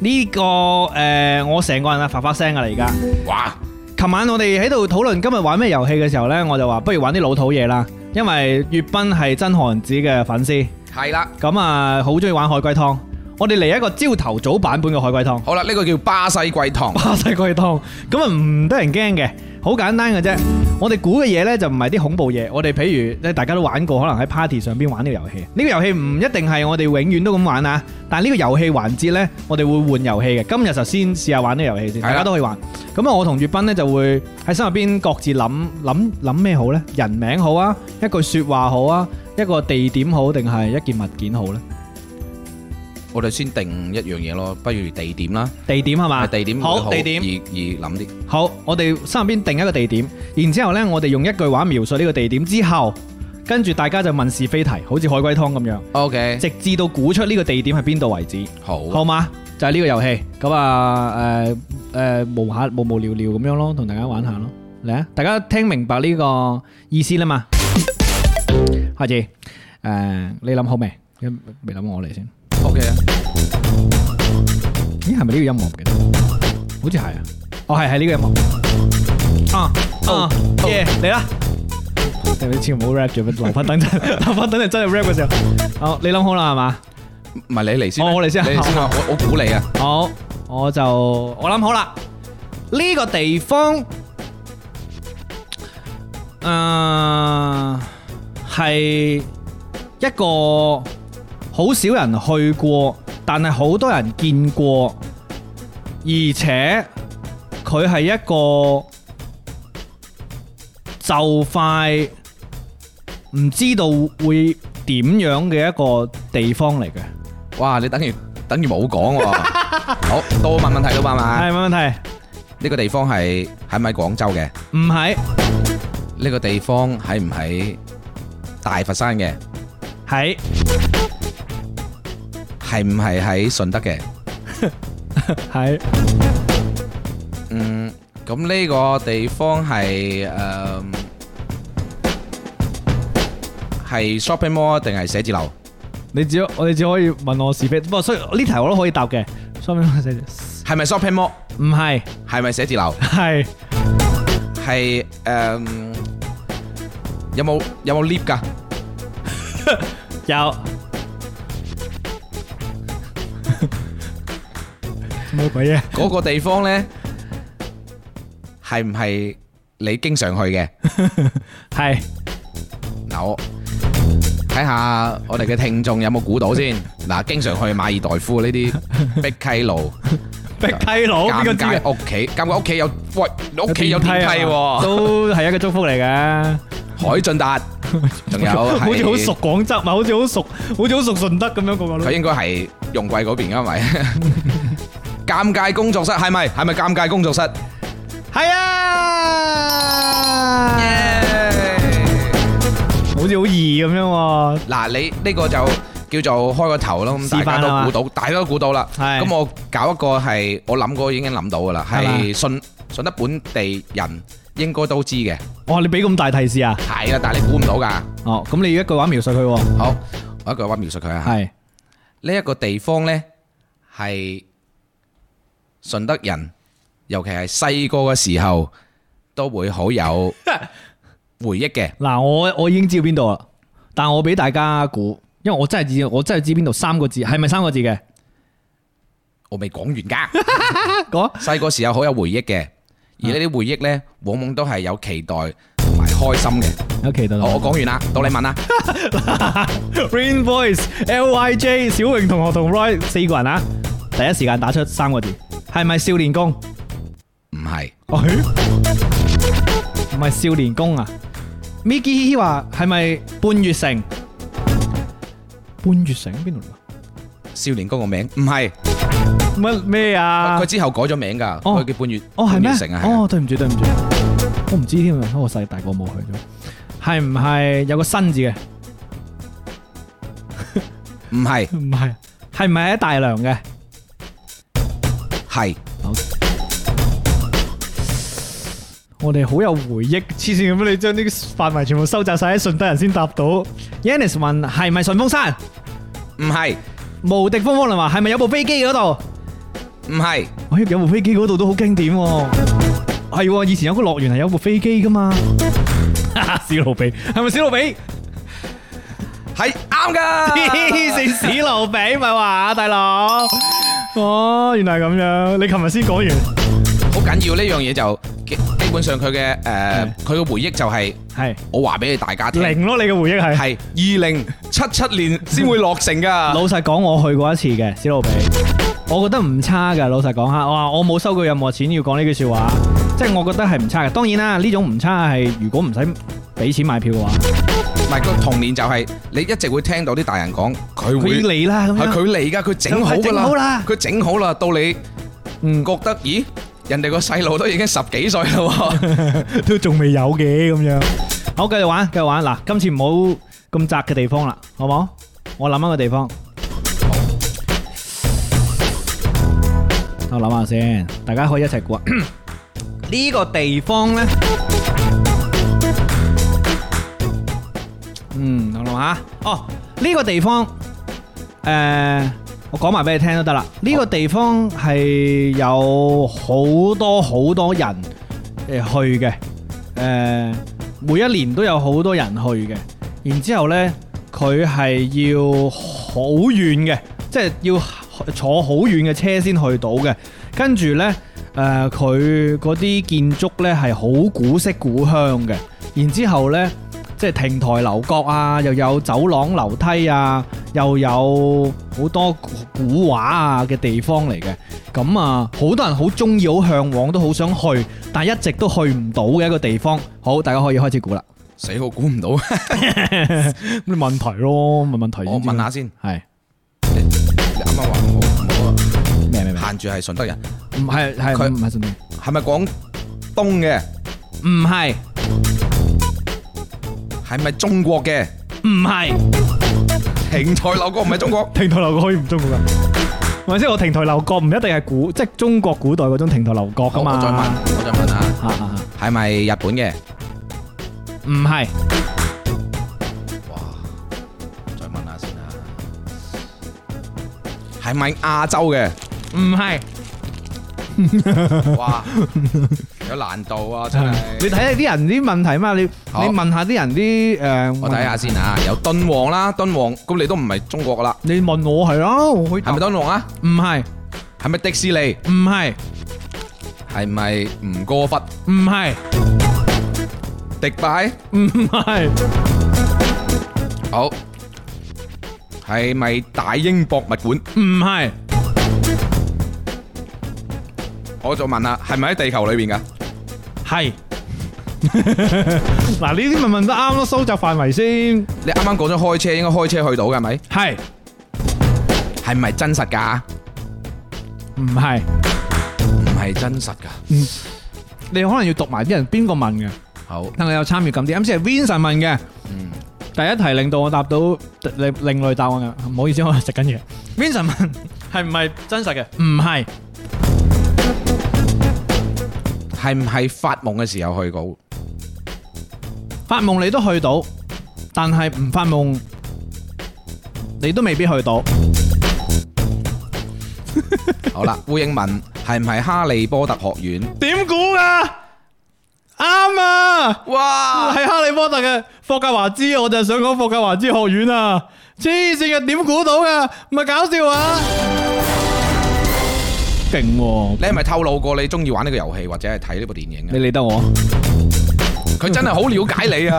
[SPEAKER 1] 呢、這個誒、呃，我成個人啊發發聲啊嚟而家。哇！琴晚我哋喺度討論今日玩咩遊戲嘅時候呢，我就話不如玩啲老土嘢啦，因為悅斌係真漢子嘅粉絲。係啦的，咁啊好中意玩海龜湯。我哋嚟一個朝頭早版本嘅海龜湯。好啦，呢、這個叫巴西龜湯。巴西龜湯，咁啊唔得人驚嘅，好簡單嘅啫。我哋估嘅嘢呢，就唔係啲恐怖嘢，我哋譬如咧，大家都玩過，可能喺 party 上邊玩呢個遊戲。呢、呢個遊戲唔一定係我哋永遠都咁玩啊，但係呢個遊戲環節呢，我哋會換遊戲嘅。今日就先試下玩呢個遊戲先，的大家都可以玩。咁啊，我同悅斌呢，就會喺心入邊各自諗諗諗咩好呢？人名好啊，一句說話好啊，一個地點好定係一件物件好呢？我哋先定一樣嘢咯，不如地點啦。地點係嘛？地點好，好地點而而諗啲。好，我哋三邊定一個地點，然之後咧，我哋用一句話描述呢個地點之後，跟住大家就問是非題，好似海龜湯咁樣。O Okay . K，直至到估出呢個地點係邊度為止。好，好嘛？就係、是、呢個遊戲。咁啊，誒、呃、誒，無、呃、下無無聊聊咁樣咯，同大家玩下咯。嚟啊！大家聽明白呢個意思啦嘛？阿杰，誒、 呃，你諗好未？未諗好，我嚟先。O K 啊，Okay. 咦係咪呢個音樂嘅？好似係啊，哦係係呢個音樂，啊、uh, 啊、uh, oh, oh. yeah,，耶，嚟啦！你千祈唔好 rap 住。乜？留翻等陣，留翻等你真係 rap 嘅時候。好，你諗好啦係嘛？唔係你嚟先，我嚟先，你先我我估你啊！好，我就我諗好啦。呢、這個地方，啊、呃，係一個。好少人去過，但係好多人見過，而且佢係一個就快唔知道會點樣嘅一個地方嚟嘅。哇！你等於等於冇講喎。好，多問問題，老闆嘛？係冇問題。
[SPEAKER 3] 呢個地方係喺唔喺廣州嘅？唔喺。呢個地方喺唔喺大佛山嘅？喺。係唔係喺順德嘅？
[SPEAKER 1] 係。嗯，
[SPEAKER 3] 咁呢個地方係誒，係 shopping mall 定係寫字樓？你只我哋只可
[SPEAKER 1] 以問我是非，不過
[SPEAKER 3] 所以呢題我都可以答
[SPEAKER 1] 嘅。
[SPEAKER 3] 係咪 shopping mall？唔係。係咪寫字樓？係。係誒，有冇有冇 lift 噶？有。冇鬼啊，嗰個地方咧係唔係你經常去嘅？係嗱，我睇下我哋嘅聽眾有冇估到先。嗱，經常去馬爾代夫呢啲碧溪路，碧溪路，夾間屋
[SPEAKER 1] 企，夾間屋企有喂，屋企有梯啊，都係一個祝福嚟嘅。海俊達，仲有好似好熟廣州嘛，好似好熟，好似好熟順德咁樣嘅
[SPEAKER 3] 嘛。佢應該係容桂嗰邊噶咪？尷尬工作室係咪，係咪尷尬工作室？
[SPEAKER 2] 係啊，
[SPEAKER 1] 好
[SPEAKER 3] 似好易咁樣喎。嗱，你呢個就叫做開個頭咯，咁大家都估到，大家都估到啦。係，咁我搞一個係我諗過已經諗到噶啦，係順順德本地人應該都知嘅。
[SPEAKER 1] 哇，你俾咁大提示啊？
[SPEAKER 3] 係啊，但係你估唔到噶。哦，咁你要
[SPEAKER 1] 一句話描述佢。
[SPEAKER 3] 好，我一句話描述佢啊。係呢一個地方咧，係。順德人，尤其係細個嘅時候，都會好有回憶嘅。
[SPEAKER 1] 嗱，我我已經知道邊度啦，但我俾大家估，因為我真係知，我真係知邊度三個字，係咪三個字嘅？我未講完噶，講細個時候
[SPEAKER 3] 好有回憶嘅，而呢啲回憶呢，往往都係有期待同埋開心嘅。
[SPEAKER 1] 有期待，我講完啦，到你問啦。Green Voice L Y J 小榮同學同 Roy 四個人啊，第一時間打出三個字。係咪少年宮？唔係，唔係少年宮啊！Miki 話係咪半月城？半月城喺邊度？少年宮個名唔係乜咩啊？佢之後改咗名噶，佢叫半月。哦係咩城啊？哦對唔住，對唔住，我唔知添啊！我細大個冇去咗。係唔係有個新字嘅？唔係，唔係，係唔係喺大良嘅？係，我哋好有回憶。黐線噉，你將啲範圍全部收集晒喺，順德人先答到。Yannis 問係咪順峰山？唔係，無敵方方龍華係咪有部飛機嗰度？唔係，我依度有部飛機嗰度都好經典。係，以前有個樂園係有部飛機噶嘛。小盧比係咪小盧比？係啱噶，是小盧比咪話啊大佬？哦，原嚟咁樣，你琴日先講完。
[SPEAKER 3] 好緊要呢樣嘢就，基本上佢嘅，誒、呃，佢嘅回憶就係、是，係是，我話俾你大家聽。零咯，你嘅回憶係，係二零七七年先會落成噶。 老
[SPEAKER 1] 實講，我去過一次嘅，小老平，我覺得唔差噶。老實講下，我話我冇收過任何錢要講呢句說話，即、就、係、是、我覺得係唔差嘅。當然啦，呢種唔差係如果唔使。俾錢買票嘅話，
[SPEAKER 3] 唔係個童年就係你一直會聽到啲大人講佢會嚟啦，係佢嚟噶，佢整好啦，佢整好啦，到你唔覺得？咦，人哋個細路都已經十幾歲啦，
[SPEAKER 1] 都仲未有嘅咁樣。好，繼續玩，繼續玩。嗱，今次唔好咁窄嘅地方啦，好唔好？我諗一個地方，我諗下先，大家可以一齊估。呢個地方咧。嗯，好啦吓，哦呢、這個地方，誒、呃，我講埋俾你聽都得啦。呢、這個地方係有好多好多人誒去嘅，誒、呃、每一年都有好多人去嘅。然之後咧，佢係要好遠嘅，即係要坐好遠嘅車先去到嘅。跟住呢，誒佢嗰啲建築呢係好古色古香嘅。然之後咧。即係亭台樓閣啊，又有走廊樓梯啊，又有好多古畫啊嘅地方嚟嘅。咁啊，好多人好中意，好嚮往，都好想去，但係一直都去唔到嘅一個地方。好，大家可以開始估啦。死，我估唔到 問題咯、啊，問問題先。我問下先是，係
[SPEAKER 3] 你啱啱話我咩咩咩，限住係順德人，唔係，係佢唔係順德人，係咪廣東嘅？唔係。係咪中國嘅？唔係，亭台樓閣唔係中國。亭台樓閣
[SPEAKER 1] 可以唔中國噶係咪先？我亭台樓閣唔一定係古，即係中國古代嗰種亭台樓閣啊嘛。我再問，我再問下。係咪日本嘅？
[SPEAKER 3] 唔係。哇！再問下先啊。係咪亞洲嘅？
[SPEAKER 1] 唔係。哇！
[SPEAKER 3] 有難度啊！真係，你睇下啲
[SPEAKER 1] 人啲問題嘛，你你問下啲人啲誒，我睇下先啊。
[SPEAKER 3] 有敦煌啦，敦煌，咁你都唔係中國噶啦。你問我係咯，我係咪敦煌啊？唔係。係咪迪士尼？唔係。係咪吳哥窟？唔係。迪拜？唔係。好，係咪大英博物館？唔係。我就問啦，係咪喺地球裏邊噶？
[SPEAKER 2] 係，
[SPEAKER 3] 嗱呢啲問問得啱咯，收集範圍先。你啱啱講咗開車，應該開車去到嘅係咪？係，係咪真實噶？唔係，唔係真實噶。嗯，
[SPEAKER 1] 你可能要讀埋啲人邊個問嘅。好，等我有參與咁啲，啱先係 Vincent 問嘅。嗯，第一題令到我答到另另類答案啊，唔好意思，我食緊嘢。Vincent 問係唔係真實嘅？唔係。
[SPEAKER 3] 係唔係發夢嘅時候去到？發夢你都去到，但係唔發夢你都未必去到。 好啦，胡英文係唔係哈利波特學院？
[SPEAKER 1] 點估噶？啱啊！哇，係哈利波特嘅霍格華茲，我就想講霍格華茲學院啊！黐線嘅點估到㗎？唔係搞笑啊！
[SPEAKER 3] 勁喎，你係咪透露過你中意玩呢個遊戲或者係睇呢部電影？你理得我？佢真係好了解你
[SPEAKER 1] 啊！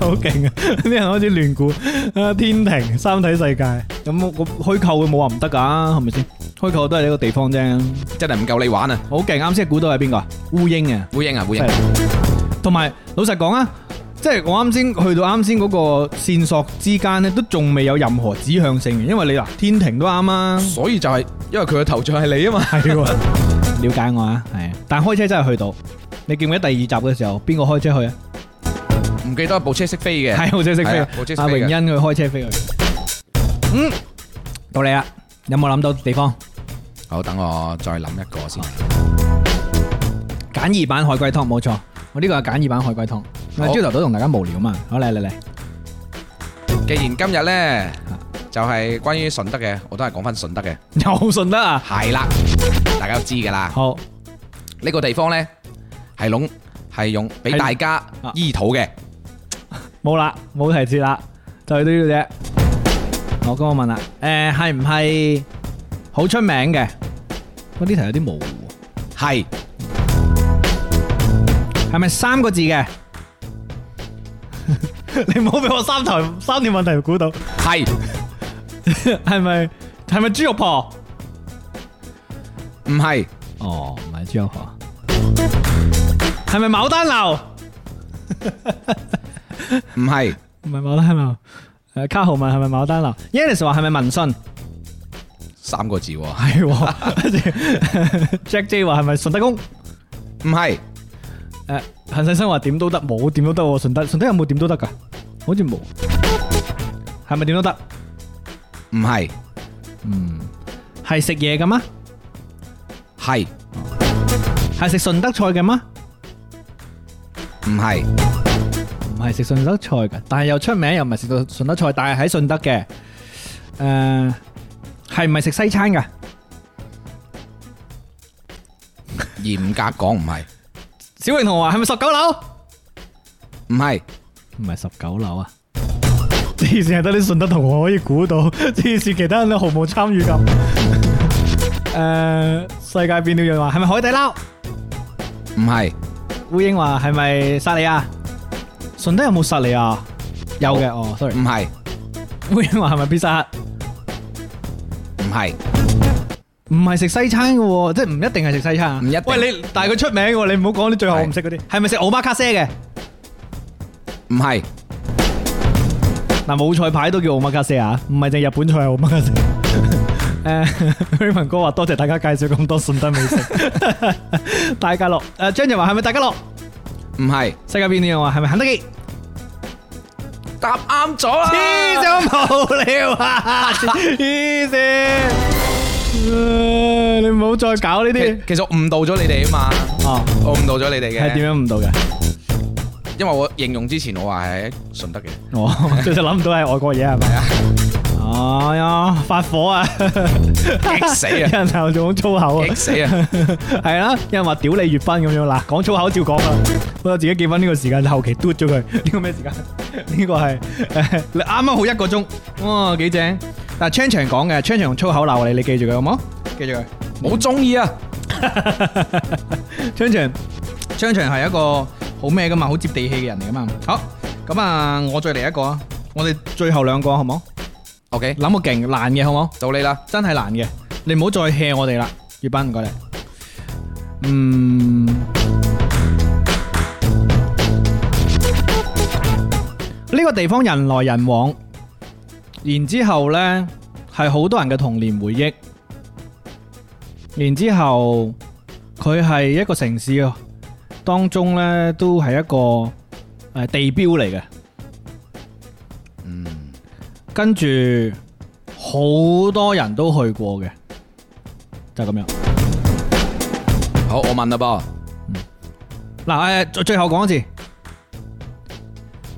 [SPEAKER 1] 好勁啊！啲人開始亂估啊，天庭三體世界，咁我虛構嘅冇話唔得噶，係咪先？虛構都係呢個地方啫，真係唔夠你玩啊！好勁，啱先估到係邊個？烏鷹啊，烏鷹啊，烏鷹。同埋老實講啊！即係我啱先去到啱先嗰個線索之間咧，都仲未有任何指向性嘅，因為你嗱天庭都啱啊。所以就係因為佢嘅頭像係你啊嘛，係。了解我啊，係。但開車真係去到，你記唔記得第二集嘅時候邊個開車去啊？唔記得啊，部車識飛嘅。係部車識飛啊，阿榮欣佢開車飛去。嗯，到你啦，有冇諗到地方？好，等我再諗一個先。簡易版海龜湯冇錯，我呢個係簡易版海龜湯。朝頭早同大家無聊嘛？好，嚟嚟嚟！
[SPEAKER 3] 既然今日咧就係關於順德嘅，我都係講翻順德嘅。有順德啊？係啦，大家都知噶啦。好，呢個地方咧係攏係用俾大家醫肚嘅。
[SPEAKER 1] 冇啦，冇提示啦，就係呢個啫。好，咁我問啦，誒係唔係好出名嘅？我呢題有啲模糊。係，係咪三個字嘅？ 你唔好俾我三條三條問題估到，係係咪係咪豬肉婆？唔係， 哦是，唔係豬肉婆！係咪牡丹樓？唔係，唔係牡丹樓。誒，卡豪問係咪牡丹樓？Yanis 話係咪文信？三個字，係 Jack J 話係咪順德公？唔係。誒，陳世生話點都得，冇點都得喎。順德，順德有冇點都得噶？好似冇，係咪點都得？唔係，嗯，係食嘢㗎嗎？係，係食順德菜嘅嗎？唔係，唔係食順德菜㗎，但係又出名，又唔係食到順德菜，但係喺順德嘅，誒，係唔係食西餐㗎？
[SPEAKER 3] 嚴
[SPEAKER 1] 格講唔係。小榮同學，係咪十九樓？唔係，唔係十九樓啊！ 只係得啲順德同學可以估到，黐線其他人都毫無參與感。誒、 呃，世界變了樣話，係咪海底撈？唔係是。烏英話係咪薩莉亞啊？順德有冇薩莉亞啊？有嘅，哦，sorry，唔係。烏英話係咪必殺？唔係。唔係食西餐嘅喎，即係唔一定係食西餐。喂，你但係佢出名嘅喎，你唔好講啲最後唔識嗰啲。係咪食奧馬卡西嘅？唔係。嗱，冇菜牌都叫奧馬卡西啊，唔係淨日本菜奧馬卡西。誒，Raymond 哥話多謝大家介紹咁多順德美食，大家樂。誒，張日華係咪大家樂？唔係。世界邊啲人話係咪肯德基？答啱咗啦！黐線無聊啊！黐線。哎、你唔好再搞呢啲。其實誤導咗
[SPEAKER 3] 你哋啊嘛。哦，我誤導咗你哋嘅。係點樣誤導嘅？因為我形容之前我話係
[SPEAKER 1] 喺順德嘅。我其實諗唔到係外國嘢係咪啊？ 哎呀，發火啊， 激死啊！有人又講粗口啊，激死啊！係啦，有人話屌你悅斌咁樣嗱，講粗口照講啊。我過自己結婚呢個時間就後期嘟咗佢。呢、這個咩時間？呢、這個係你啱啱好一個鐘，哇、哦，幾正！但係昌祥講嘅，昌祥用粗口鬧你，你記住佢好冇？記住佢，我好中意啊！昌祥，昌祥係一個好咩噶嘛，好接地氣嘅人嚟噶嘛。好，咁啊，我再嚟一個啊，我哋最後兩個好冇？O K，諗個勁難嘅好冇？就你啦，真係難嘅，你唔好再 hea 我哋啦，悅斌唔該你。嗯，呢個地方人來人往。然之後呢，係好多人嘅童年回憶，然之後佢係一個城市啊，當中呢都係一個誒、呃、地標嚟嘅，嗯，跟住好多人都去過嘅，就咁樣。好，我問啦噃，嗱、嗯，誒、呃，最後講一次，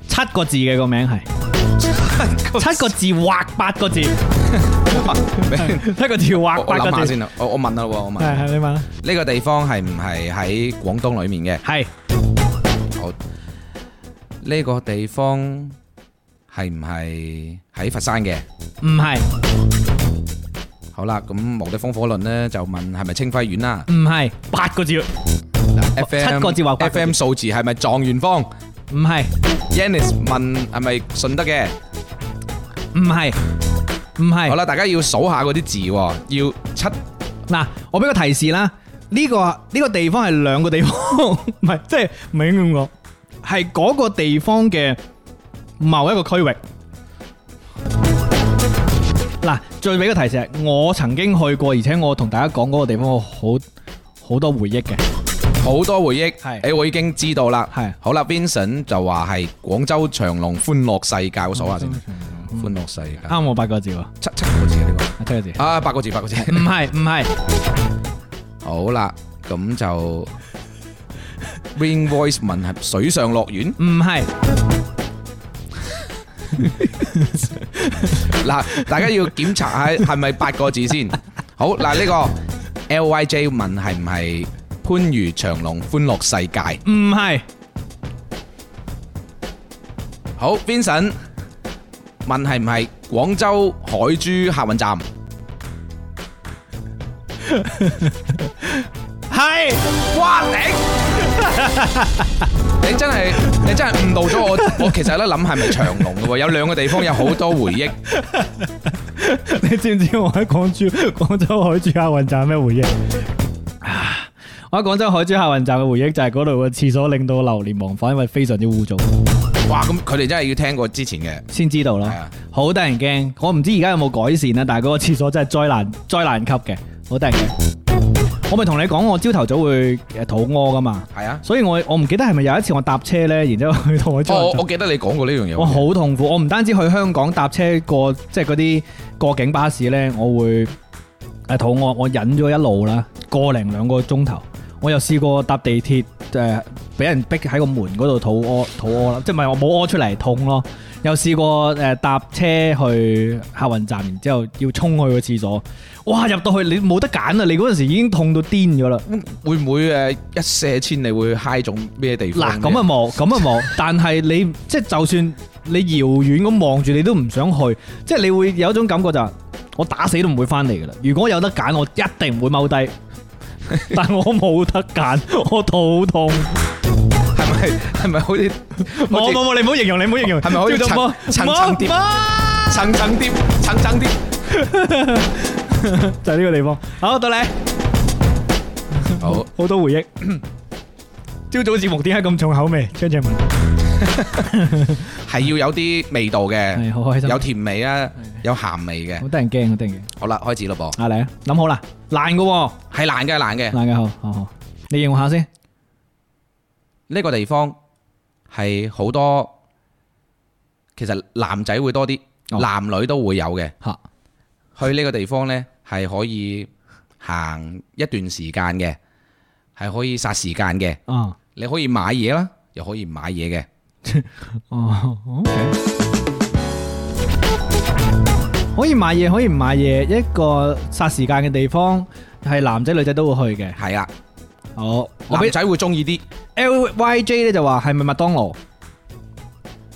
[SPEAKER 1] 七個字嘅個名係。七個字畫八個字，
[SPEAKER 3] 七個字畫八個字。我諗下先啦，我我
[SPEAKER 1] 問下，我問係係你問
[SPEAKER 3] 啦，呢個地方係唔係喺廣東裏面嘅？係，好，呢個地方係唔係喺佛山嘅？唔係好啦，咁無敵風火輪呢就問係咪清暉園啦？
[SPEAKER 1] 唔係八個字，
[SPEAKER 3] 七個字畫八個字。F M 數字係咪狀元坊？唔係，Yennis 問係咪順德嘅？唔係，唔係。好啦，大家要
[SPEAKER 1] 數下嗰啲字，要七。嗱，我俾個提示啦，呢個呢個地方係兩個地方，唔係，即係唔應該咁講，係嗰個地方嘅某一個區域。嗱，最尾嘅提示係我曾經去過，而且我同大家講嗰個地方，我好好多回憶嘅。
[SPEAKER 3] 好多回憶，係，誒，我已經知道啦，係，好啦，Vincent 就話係廣州長隆歡樂世界，我數下先，歡樂世界，啱我八個字喎，七七個字啊呢個，七個字，啊八個字八個字，唔係唔係，好啦，咁就 Ring Voice 問係水上樂園，唔係，嗱，大家要檢查下係咪八個字先，好，嗱呢個 L Y J 問係唔係？番禺長隆歡樂世界唔係，好，Vincent 問係唔係廣州海珠客運站？
[SPEAKER 2] 係，
[SPEAKER 3] 瓜頂！你真係你真係誤導咗我。我其實咧諗係咪長隆嘅？有兩個地方有好多回憶。
[SPEAKER 1] 你知唔知我喺廣州廣州海珠客運站有咩回憶？我喺廣州海珠客運站嘅回憶就係嗰度嘅廁所令到流連忘返，因為非常之污糟。哇！咁佢哋真係要聽過之前嘅先知道啦。係啊，好得人驚！我唔知而家有冇改善啦，但係嗰個廁所真係災難災難級嘅，好得人驚。 我咪同你講，我朝頭早會肚餓噶嘛。係啊，所以我我唔記得係咪有一次我搭車咧，然之後去同海珠。哦，哦，我記
[SPEAKER 3] 得你講過呢樣嘢。我
[SPEAKER 1] 好痛苦，我唔單止去香港搭車過，即係嗰啲過境巴士咧，我會誒肚餓，我忍咗一路啦，個零兩個鐘頭。我又試過搭地鐵，誒、呃、俾人逼喺個門嗰度肚屙肚屙啦，即係唔係我冇屙出嚟痛咯。又試過誒搭車去客運站，然之後要衝去個廁所，哇！入到去你冇得揀啦，你嗰陣時已經痛到癲咗啦。會唔會誒一射千你會嗨中咩地方？嗱，咁啊冇，咁啊冇。但係你即係 就算你遙遠咁望住，你都唔想去，即、就、係、是、你會有一種感覺就係我打死都唔會翻嚟噶啦。如果有得揀，我一定唔會踎低。但我冇得揀，我肚痛，
[SPEAKER 2] 係咪
[SPEAKER 3] 係咪好似？冇冇冇，你唔好形容，
[SPEAKER 1] 你唔好形容，係咪好似層層疊、層層疊、層層疊？就係呢個地方。好，到你。好，好多回憶。朝早節目點解咁重口味？張正文。
[SPEAKER 3] 係 要有啲味道嘅。好開心，有甜味啊，的有鹹味嘅，
[SPEAKER 1] 好得人驚啊，得人驚。
[SPEAKER 3] 好啦，開始咯噃，嚟
[SPEAKER 1] 啊，諗好啦。哦，難嘅，係難嘅，難嘅，難嘅，好好好，你形容下先。
[SPEAKER 3] 呢個地方係好多，其實男仔會多啲，男女都會有嘅。吓、哦，去呢個地方呢，係可以行一段時間嘅，係可以殺時間嘅。哦、你可以買嘢啦，又可以唔買嘢嘅。
[SPEAKER 1] 哦，OK，可以買嘢，可以唔買嘢，一個殺時間嘅地方，係男仔女仔都會去嘅。係啊，好男仔會中意啲。L Y J 咧就話係咪麥當勞？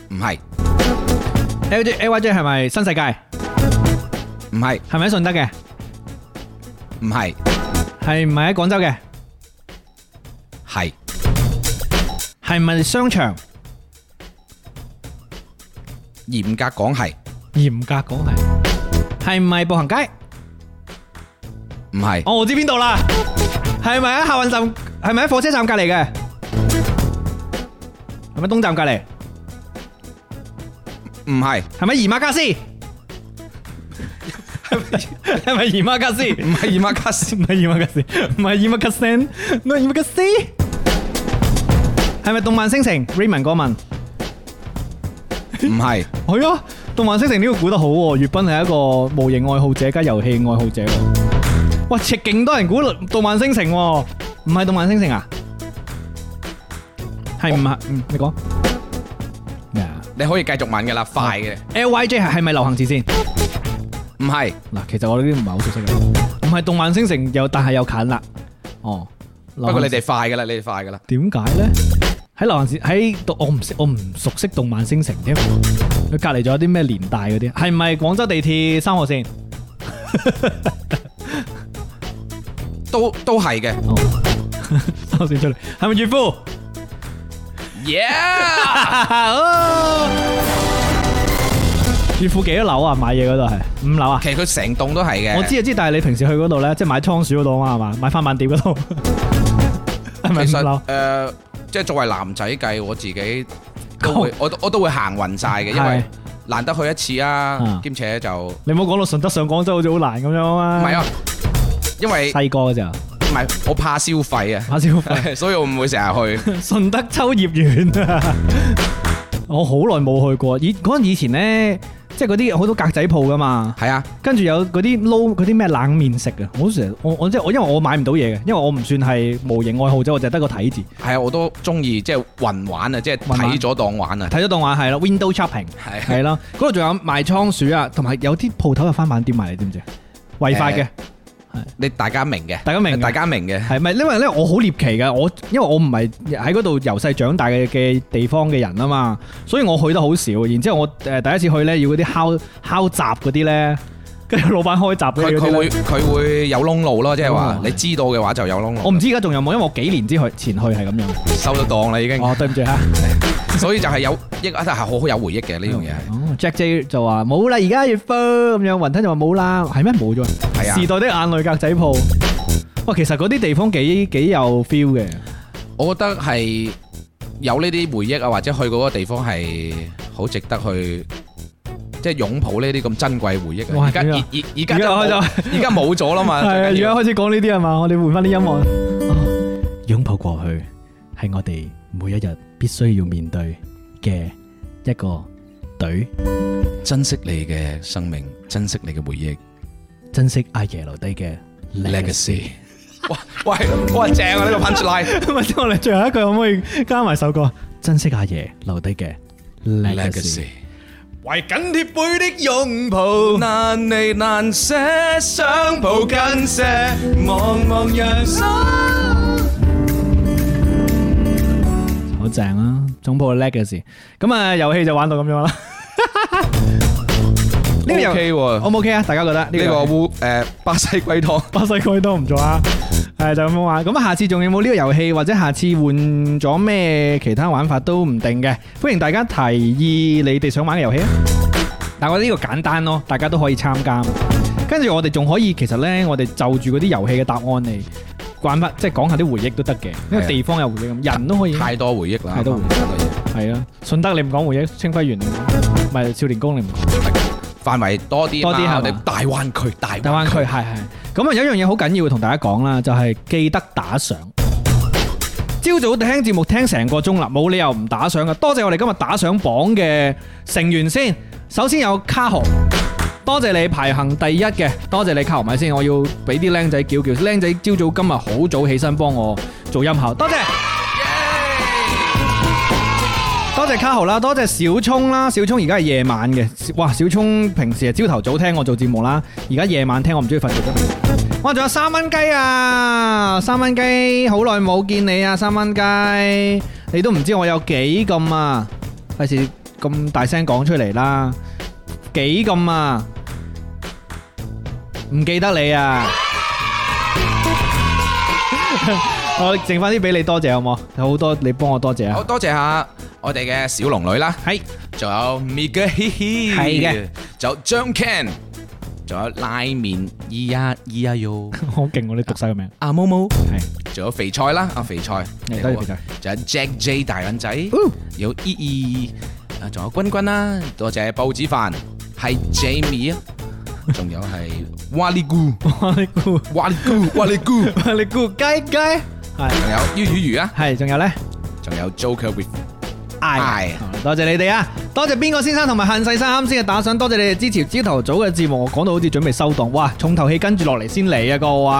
[SPEAKER 1] 唔係。L J L Y J 係咪新世界？唔係。係咪喺順德嘅？唔係。係唔係喺廣州嘅？係。係咪商場？嚴格講係，嚴格講係，係唔係步行街？唔係。我知邊度啦？係咪喺客運站，係咪喺火車站隔籬嘅？係咪東站隔籬？唔係。係咪姨媽家私？係咪姨媽家私？唔係姨媽家私，唔係姨媽家私，唔係姨媽家私，唔係姨媽家私。係咪動漫星城？Raymond 過問。唔係，係啊！《動漫星城》呢個估得好喎，悦斌係一個模型愛好者加遊戲愛好者。哇，切，勁多人估《動漫星城》喎，唔係《動漫星城》啊？係唔係？嗯，你講
[SPEAKER 3] 咩啊？你可以繼續問噶啦，快嘅。L
[SPEAKER 1] Y J 係係咪流行詞先？唔係嗱，其實我呢啲唔係好熟悉嘅。唔係《動漫星城》又，但係又近啦。哦，不過你哋
[SPEAKER 3] 快噶啦，你哋快噶啦。
[SPEAKER 1] 點解咧？喺流行市，喺度我唔識，我唔熟悉動漫星城添，佢隔籬仲有啲咩連帶嗰啲，係唔係廣州地鐵三號線？都都係嘅。三號線出嚟係咪越富
[SPEAKER 2] ？Yeah！
[SPEAKER 1] 越富幾多樓啊？買嘢嗰度係五樓啊？其實佢成棟都係嘅。我知啊知，但係你平時去嗰度咧，即係買倉鼠嗰度啊嘛，係嘛買翻版碟嗰度
[SPEAKER 3] 係咪五樓？誒。即係作為男仔計，我自己都會，我都我都會行暈晒嘅，因為難得去一次啊，兼且就
[SPEAKER 1] 你唔好講到順德上廣州好似好難咁樣啊嘛。唔係啊，
[SPEAKER 3] 因為細個咋，唔係我怕消費啊，怕消費， 所以我唔會成日去
[SPEAKER 1] 順德秋葉園。 我好耐冇去過，以嗰陣以前咧，即係嗰啲好多格仔鋪噶嘛。係啊，跟住有嗰啲撈嗰啲咩冷麪食嘅，好成我我，我即係我因為我買唔到嘢嘅，因為我唔算係模型愛好者，我就得個睇字。
[SPEAKER 3] 係啊，我都中意即係雲玩啊，即係睇咗當玩啊。
[SPEAKER 1] 睇咗當玩係啦，Window chopping 係係啦，嗰度仲有賣倉鼠啊，同埋有啲鋪頭又翻版店賣你知唔知啊？違法嘅。你大家明嘅，大家明，大家明嘅，係咪？因為咧，我好獵奇嘅，我因為我唔係喺嗰度由細長大嘅嘅地方嘅人啊嘛，所以我去得好少。然之後我誒第一次去咧，要嗰啲敲敲雜嗰啲咧。跟住老闆開集嘅嗰啲，佢佢會佢
[SPEAKER 3] 會有窿路咯，即係話你知道嘅話就有窿路。我
[SPEAKER 1] 唔知而家仲有冇，因為我幾年之去前去係咁樣收到檔啦已經。哦，對唔住吓。
[SPEAKER 3] 所以就係有一個係好有回憶嘅呢樣嘢。哦
[SPEAKER 1] ，Jack J 就話冇啦，而家越煲咁樣，雲吞就話冇啦，係咩冇咗？係啊。時代的眼淚格仔鋪。哇，其實嗰啲地方幾幾有 feel 嘅。
[SPEAKER 3] 我覺得係有呢啲回憶啊，或者去嗰個地方係好值得去。即係擁抱呢啲咁珍貴回憶啊！而而而而家就
[SPEAKER 1] 而家冇咗啦嘛，係啊！而家開始講呢啲係嘛，我哋換返啲音樂。擁抱過去係我哋每一日必須要面對嘅一個隊。珍惜你嘅生命，珍惜你嘅回憶，珍惜阿爺留低
[SPEAKER 3] 嘅 legacy。哇！哇！哇！正啊！呢個 punchline。
[SPEAKER 1] 或者我哋最後一句可唔可以加埋首歌？珍惜阿爺留低嘅
[SPEAKER 3] legacy。懷緊貼背的擁抱，難離難捨，想抱緊些，茫茫人生。
[SPEAKER 1] 好 正樂啊，總鋪係叻嘅事，咁啊遊戲就玩到咁樣啦。O 唔 O K 啊？大家覺得呢、這個烏誒巴西龜湯？巴西龜湯唔錯啊，係 就咁玩。咁下次仲有冇呢個遊戲？或者下次換咗咩其他玩法都唔定嘅。歡迎大家提議你哋想玩嘅遊戲啊！但我覺得呢個簡單咯，大家都可以參加。跟住我哋仲可以，其實咧，我哋就住嗰啲遊戲嘅答案嚟，慣翻即係講下啲回憶都得嘅，因為地方有回憶，人都可以太多回憶啦，太多回憶。係啊，順德你唔講回憶，清暉園唔係少年宮你唔講。範圍多啲，多啲嚇，我哋大灣區，大灣區，係係。咁啊， 有一樣嘢好緊要，同大家講啦，就係、係、記得打賞。朝早聽節目聽成個鐘啦，冇理由唔打賞噶。多謝我哋今日打賞榜嘅成員先。首先有卡豪，多謝你排行第一嘅，多謝你卡豪，咪先。我要俾啲靚仔叫叫，靚仔朝早今日好早起身幫我做音效，多謝。多謝卡豪啦，多謝小聰啦，小聰而家係夜晚嘅。哇，小聰平時係朝頭早聽我做節目啦，而家夜晚聽我唔中意瞓覺。我仲有三蚊雞啊，三蚊雞好耐冇見你啊，三蚊雞，你都唔知我有幾咁啊，費事咁大聲講出嚟啦，幾咁啊，唔記得你啊。我剩翻啲俾你多謝好冇？有好多你幫我多謝啊！好
[SPEAKER 3] 多謝下我哋嘅小龍女啦，係，仲有 Miggy，係嘅，仲有 John Ken，仲有拉麵
[SPEAKER 1] E1E1U，好勁喎！你讀晒個名啊！阿毛毛，係，
[SPEAKER 3] 仲有肥菜啦，阿肥菜，多謝肥菜，仲有 Jack J 大眼仔，有 E2，啊仲有君君啦，多謝報紙飯，係 Jamie 啊，仲有係瓦利咕，瓦利咕，瓦利咕，瓦利咕，瓦利咕，雞雞。
[SPEAKER 1] 仲有于魚魚啊，係仲有咧，仲有 Joker with I，, I. 多謝你哋啊，多謝邊個先生同埋恨世三啱先嘅打賞，多謝你哋支持朝頭早嘅節目，我講到好似準備收檔，哇，重頭戲跟住落嚟先嚟啊，各位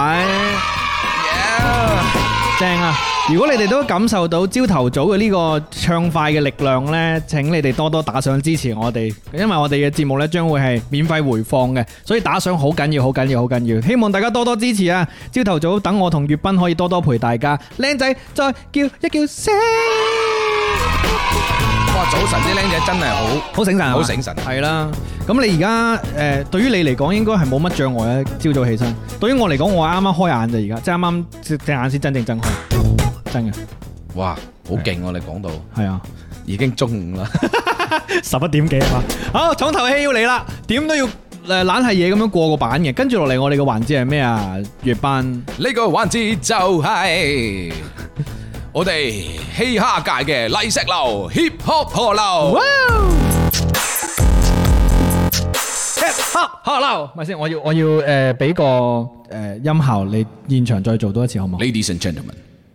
[SPEAKER 1] ，Yeah. 正啊！如果你哋都感受到朝頭早嘅呢個暢快嘅力量呢，請你哋多多打賞支持我哋，因為我哋嘅節目呢，將會係免費回放嘅，所以打賞好緊要，好緊要，好緊要，希望大家多多支持啊！朝頭早等我同悅斌可以多多陪大家，靚仔再叫一叫聲，哇！早晨，啲靚仔真係好好醒神，好醒神，係啦吧。咁你而家誒，對於你嚟講應該係冇乜障礙啊，朝早起身，對於我嚟講，我啱啱開眼就而家，即係啱啱隻眼先真正睜開。真嘅，哇，好勁！我哋講到係啊，的已經中午啦，十一點幾啊嘛。好，重頭戲要嚟啦，點都要誒懶係嘢咁樣過個版嘅。跟住落嚟，我哋個環節係咩啊？悅斌呢個環節就係
[SPEAKER 3] 我哋嘻哈界嘅泥石流 Hip Hop 河流。Wow!
[SPEAKER 1] Hip Hop 河流，咪先，我要我要誒俾、呃、個誒、呃、音效你現場再做多一次，好唔好？Ladies and gentlemen。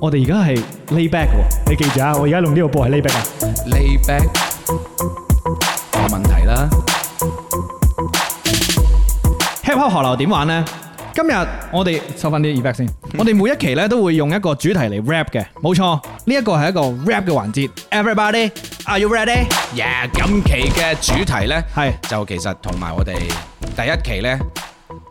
[SPEAKER 1] 我哋而家係 lay back 喎，你記住啊！我而家用呢個波係 lay back 啊。Lay back 冇問題啦。Hip Hop 河流點玩咧？今日我哋收翻啲 feedback 先。我哋每一期咧都會用一個主題嚟 rap 嘅，冇錯。呢一個係一個 rap 嘅環節。Everybody，are you ready？Yeah。
[SPEAKER 3] 今期嘅主題咧係就其實同埋我哋第一期咧。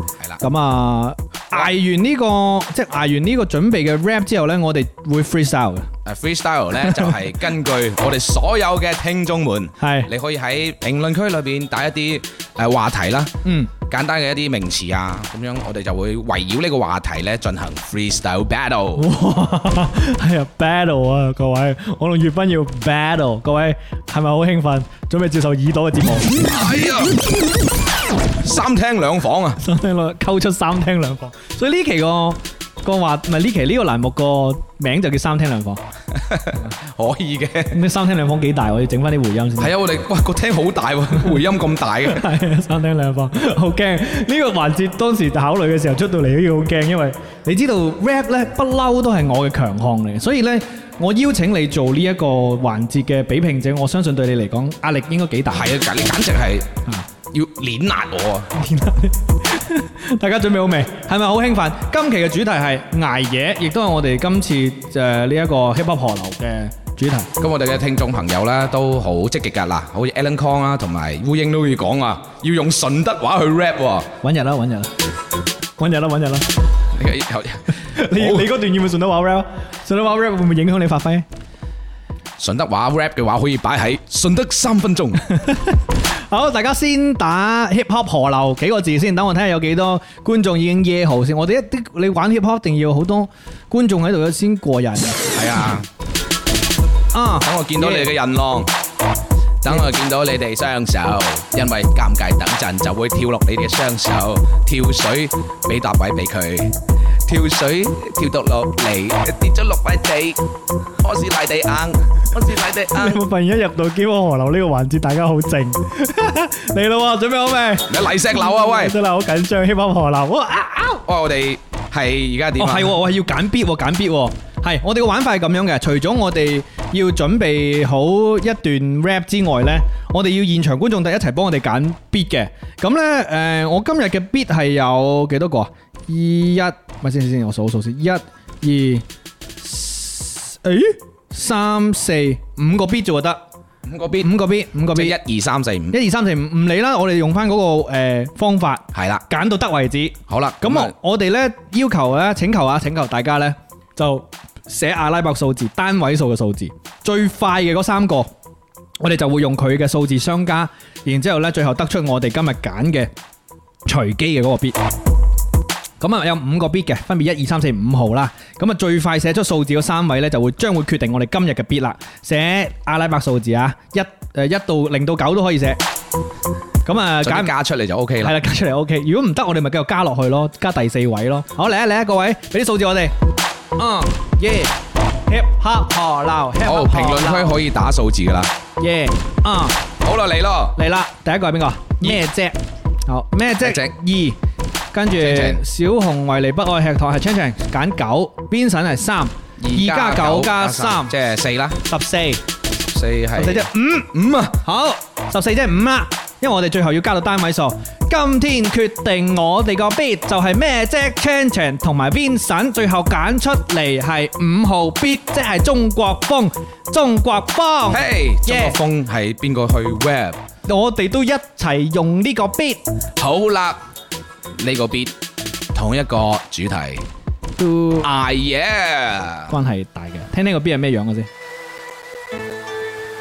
[SPEAKER 1] 係啦，咁啊，挨完呢、這個哇即係挨完呢個準備嘅 rap 之後咧，我哋會 freestyle 嘅。誒，freestyle
[SPEAKER 3] 咧 就係根據我哋所有嘅聽眾們，係的，你可以喺評論區裏邊打一啲誒話題啦，嗯，簡單嘅一啲名詞啊，咁樣我哋就會圍繞呢個話題咧進行 freestyle battle。哇，
[SPEAKER 1] 係、哎、啊，battle 啊，各位，我同悅斌要 battle，各位係咪好興奮，準備接受耳朵嘅節目？
[SPEAKER 2] 折磨、哎？
[SPEAKER 1] 三廳兩房啊三廳，三廳兩，抽出三廳兩房，所以呢期個個話唔係呢期呢個欄目個名就叫三廳兩房， 可以嘅的。你三廳兩房幾大？我要整翻啲回音先。係 啊，我
[SPEAKER 3] 哋哇、個廳好大喎、啊，回音
[SPEAKER 1] 咁大嘅。係 啊，三廳兩房好驚。呢、呢個環節當時考慮嘅時候出到嚟都要好驚，因為你知道 rap 咧不嬲都係我嘅強項嚟，所以咧我邀請你做呢一個環節嘅比拼者，我相信對你嚟講壓力應該幾大。係啊，簡簡直係啊。要
[SPEAKER 3] 碾壓我啊！
[SPEAKER 1] 大家準備好未？係咪好興奮？今期嘅主題係捱嘢，亦都係我哋今次誒呢一個 hip hop 河流
[SPEAKER 3] 嘅主題。咁我哋嘅聽眾朋友咧都好積極㗎喇，好似 Alan Kong 啊同埋烏英都要講啊，要用順德話去 rap 喎。揾日啦揾日啦，
[SPEAKER 1] 揾日啦揾日啦。你你嗰段要唔要順德話 rap？順德話 rap 會唔會影響你發揮？順德話 rap 嘅話可以擺喺順德三分鐘。好，大家先打 hip hop 河流幾個字先，等我睇下有幾多觀眾已經夜喉先。我哋一啲你玩 hip hop 一定要好多觀眾喺度先過癮。係啊，
[SPEAKER 3] 啊，等我見到你哋嘅人浪，等我見到你哋雙手，因為尷尬，等陣就會跳落你哋雙手跳水，俾搭位俾佢。跳水跳到落嚟，跌咗六塊地，我是大地硬，我是大地
[SPEAKER 1] 硬。你有冇發現一入到《Hiphop 河流》呢個環節，大家好靜。嚟咯，準備好未？你泥石流啊，喂！真係好緊張，《Hiphop 河流》。喂！哇！我哋係而家點？係，我係要揀 beat，揀 beat。係，我哋個玩法係咁樣嘅。除咗我哋要準備好一段 rap 之外咧，我哋要現場觀眾大家一齊幫我哋揀 beat 嘅。咁咧，誒，我今日嘅 beat 係有幾多個啊？二一，咪先先先，我數數先，一二，哎，誒，三四五個 B 做就得，五個 B，五個 B，五個 B，即係一二三四五，一二三四五，唔理啦，我哋用翻嗰個誒方法，係啦了，揀到得為止，好啦，咁我哋呢，要求咧，請求啊，請求大家呢，就寫阿拉伯數字，單位數嘅數字，最快嘅嗰三個，我哋就會用佢嘅數字相加，然之後咧，最後得出我哋今日揀嘅隨機嘅嗰個 B。咁啊，有五個 beat 嘅，分別一二三四五號啦。咁啊，最快寫出數字嘅三位咧，就會將會決定我哋今日嘅 beat 啦。寫阿拉伯數字啊，一誒一到零到九都可以寫。咁啊，加出嚟就 OK 啦。係啦，加出嚟 OK。如果唔得，我哋咪繼續加落去咯，加第四位咯。好嚟啊嚟啊，各位俾啲數字我哋。嗯，yeah，hip hop 河流，hip
[SPEAKER 3] hop 河流。好，評論區可以打數字噶啦。
[SPEAKER 1] yeah，嗯，好啦，嚟咯，嚟啦，第一個係邊個？咩啫？好，咩啫？二。跟住，小紅維尼不愛吃糖，係 changing，揀九，Vincent 係三，二加九加三，即係四啦，十四，十四即係五五啊，好，十四即係五啊，因為我哋最後要加到單位數，今天決定我哋個 beat 就係咩啫，changing Chan 同埋 Vincent 最後揀出嚟係五號 beat，即係中國風，中國風，嘿，hey, 中國風係邊個去 rap？我哋都一
[SPEAKER 3] 齊用呢個 beat，好啦。呢個 beat 同一個主題
[SPEAKER 1] 都嗌嘢，ah, yeah. 關係大嘅。聽呢個 beat 係咩樣嘅先？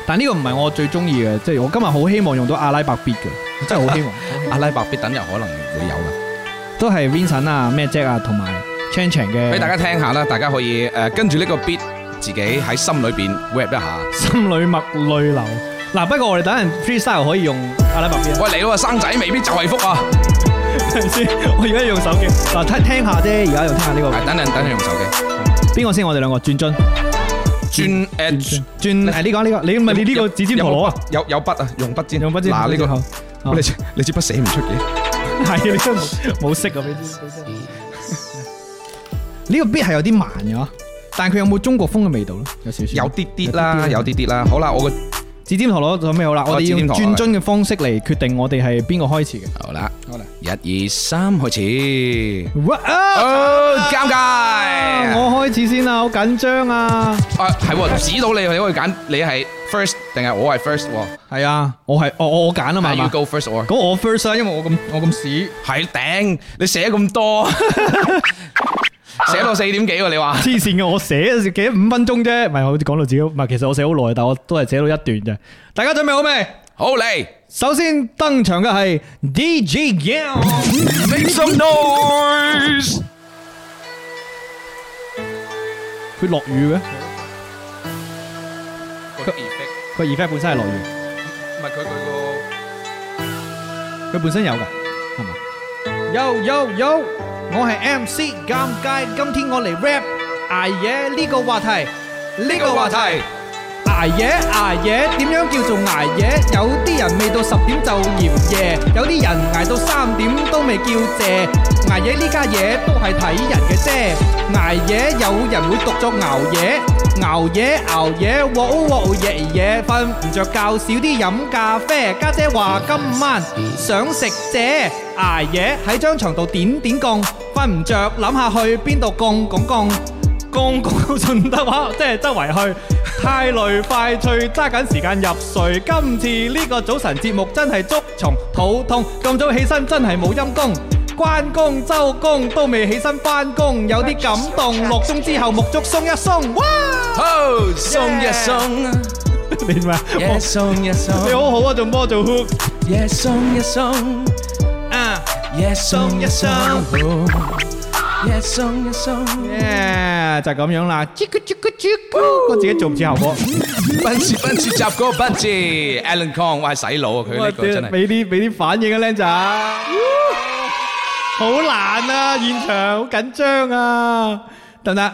[SPEAKER 1] 但呢個唔係我最中意嘅，即係我今日好希望用到阿拉伯 beat 嘅，真係好希望 阿拉伯 beat 等日可能會有嘅，都係 Vincent 啊，咩 Jack 啊，同埋 Changing 嘅。俾大家聽下
[SPEAKER 3] 啦，大家可以誒、呃、跟住呢個 beat 自己喺心裏邊
[SPEAKER 1] rap 一下。心裏默淚流嗱、啊，不過我哋等陣 freestyle 可以用阿拉伯 beat。
[SPEAKER 3] 喂，你佬啊，生仔未必就係福啊！先，我而家用手機，嗱聽聽下啫，
[SPEAKER 1] 而家用聽下呢個。等等陣等陣用手機。邊個先？我哋兩個轉樽，轉 edge，轉係呢個呢個，你咪你呢個指尖陀螺啊？有有筆啊，用筆尖。用筆尖。嗱呢個，你你支筆寫唔出嘅。係啊，你真冇識噶，呢個 beat 係有啲慢嘅嗬，但係佢有冇中國風嘅味道咧？有少少，有啲啲啦，有啲啲啦。好啦，我。指尖陀螺做咩好啦？我哋要轉樽嘅方式嚟決定我哋係邊個開始嘅。好啦，好啦，一二三，開始。哇啊，尷尬！我開始先啦，好緊張啊。啊係，指到
[SPEAKER 3] 你，你可以揀你係 first 定係我係 first。係啊，我係我我揀啊嘛，you go first。咁我 first 啊，因為我咁我咁屎，係頂，你寫咁多。寫到四點幾，你話？
[SPEAKER 1] 黐線嘅，我寫幾五分鐘啫，唔係我好似講到自己，唔係其實我寫好耐，但係我都係寫到一段啫。大家準備好未？好嚟，首先登場嘅係 DJ Young，Make some noise。佢落雨嘅？佢個 effect，佢個 effect 本身係落雨。唔係佢佢個，佢本身有嘅，係嘛？有有有。我係 MC 尷尬，今天我嚟 rap 挨、啊、嘢，呢個話題，呢個話題。捱夜捱夜，點、啊啊、樣叫做捱、啊、夜？有啲人未到十點就嫌夜，有啲人捱到三點都未叫謝。捱夜呢家嘢都係睇人嘅啫。捱、啊、夜有人會讀作熬夜，熬夜熬夜，臥臥夜瞓唔着覺少啲飲咖啡。家姐話今晚想食嘢，捱夜喺張床度點點供，瞓唔着，諗下去邊度供供供。公公順德話，即係周圍去太累，快脆揸緊時間入睡。今次呢個早晨節目真係捉蟲肚痛，咁早起身真係冇陰功。關公、周公都未起身翻工，有啲感動。落鐘之後沐足鬆一鬆，鬆一鬆。你點啊？你好好啊，做波做
[SPEAKER 2] hook。耶
[SPEAKER 1] 就咁樣啦，自己做唔做後波？
[SPEAKER 3] 奔馳奔馳雜歌奔馳，Alan Kong 哇洗腦啊佢真係，俾
[SPEAKER 1] 啲俾啲反應啊靚仔，好難啊現場好緊張啊，得唔得。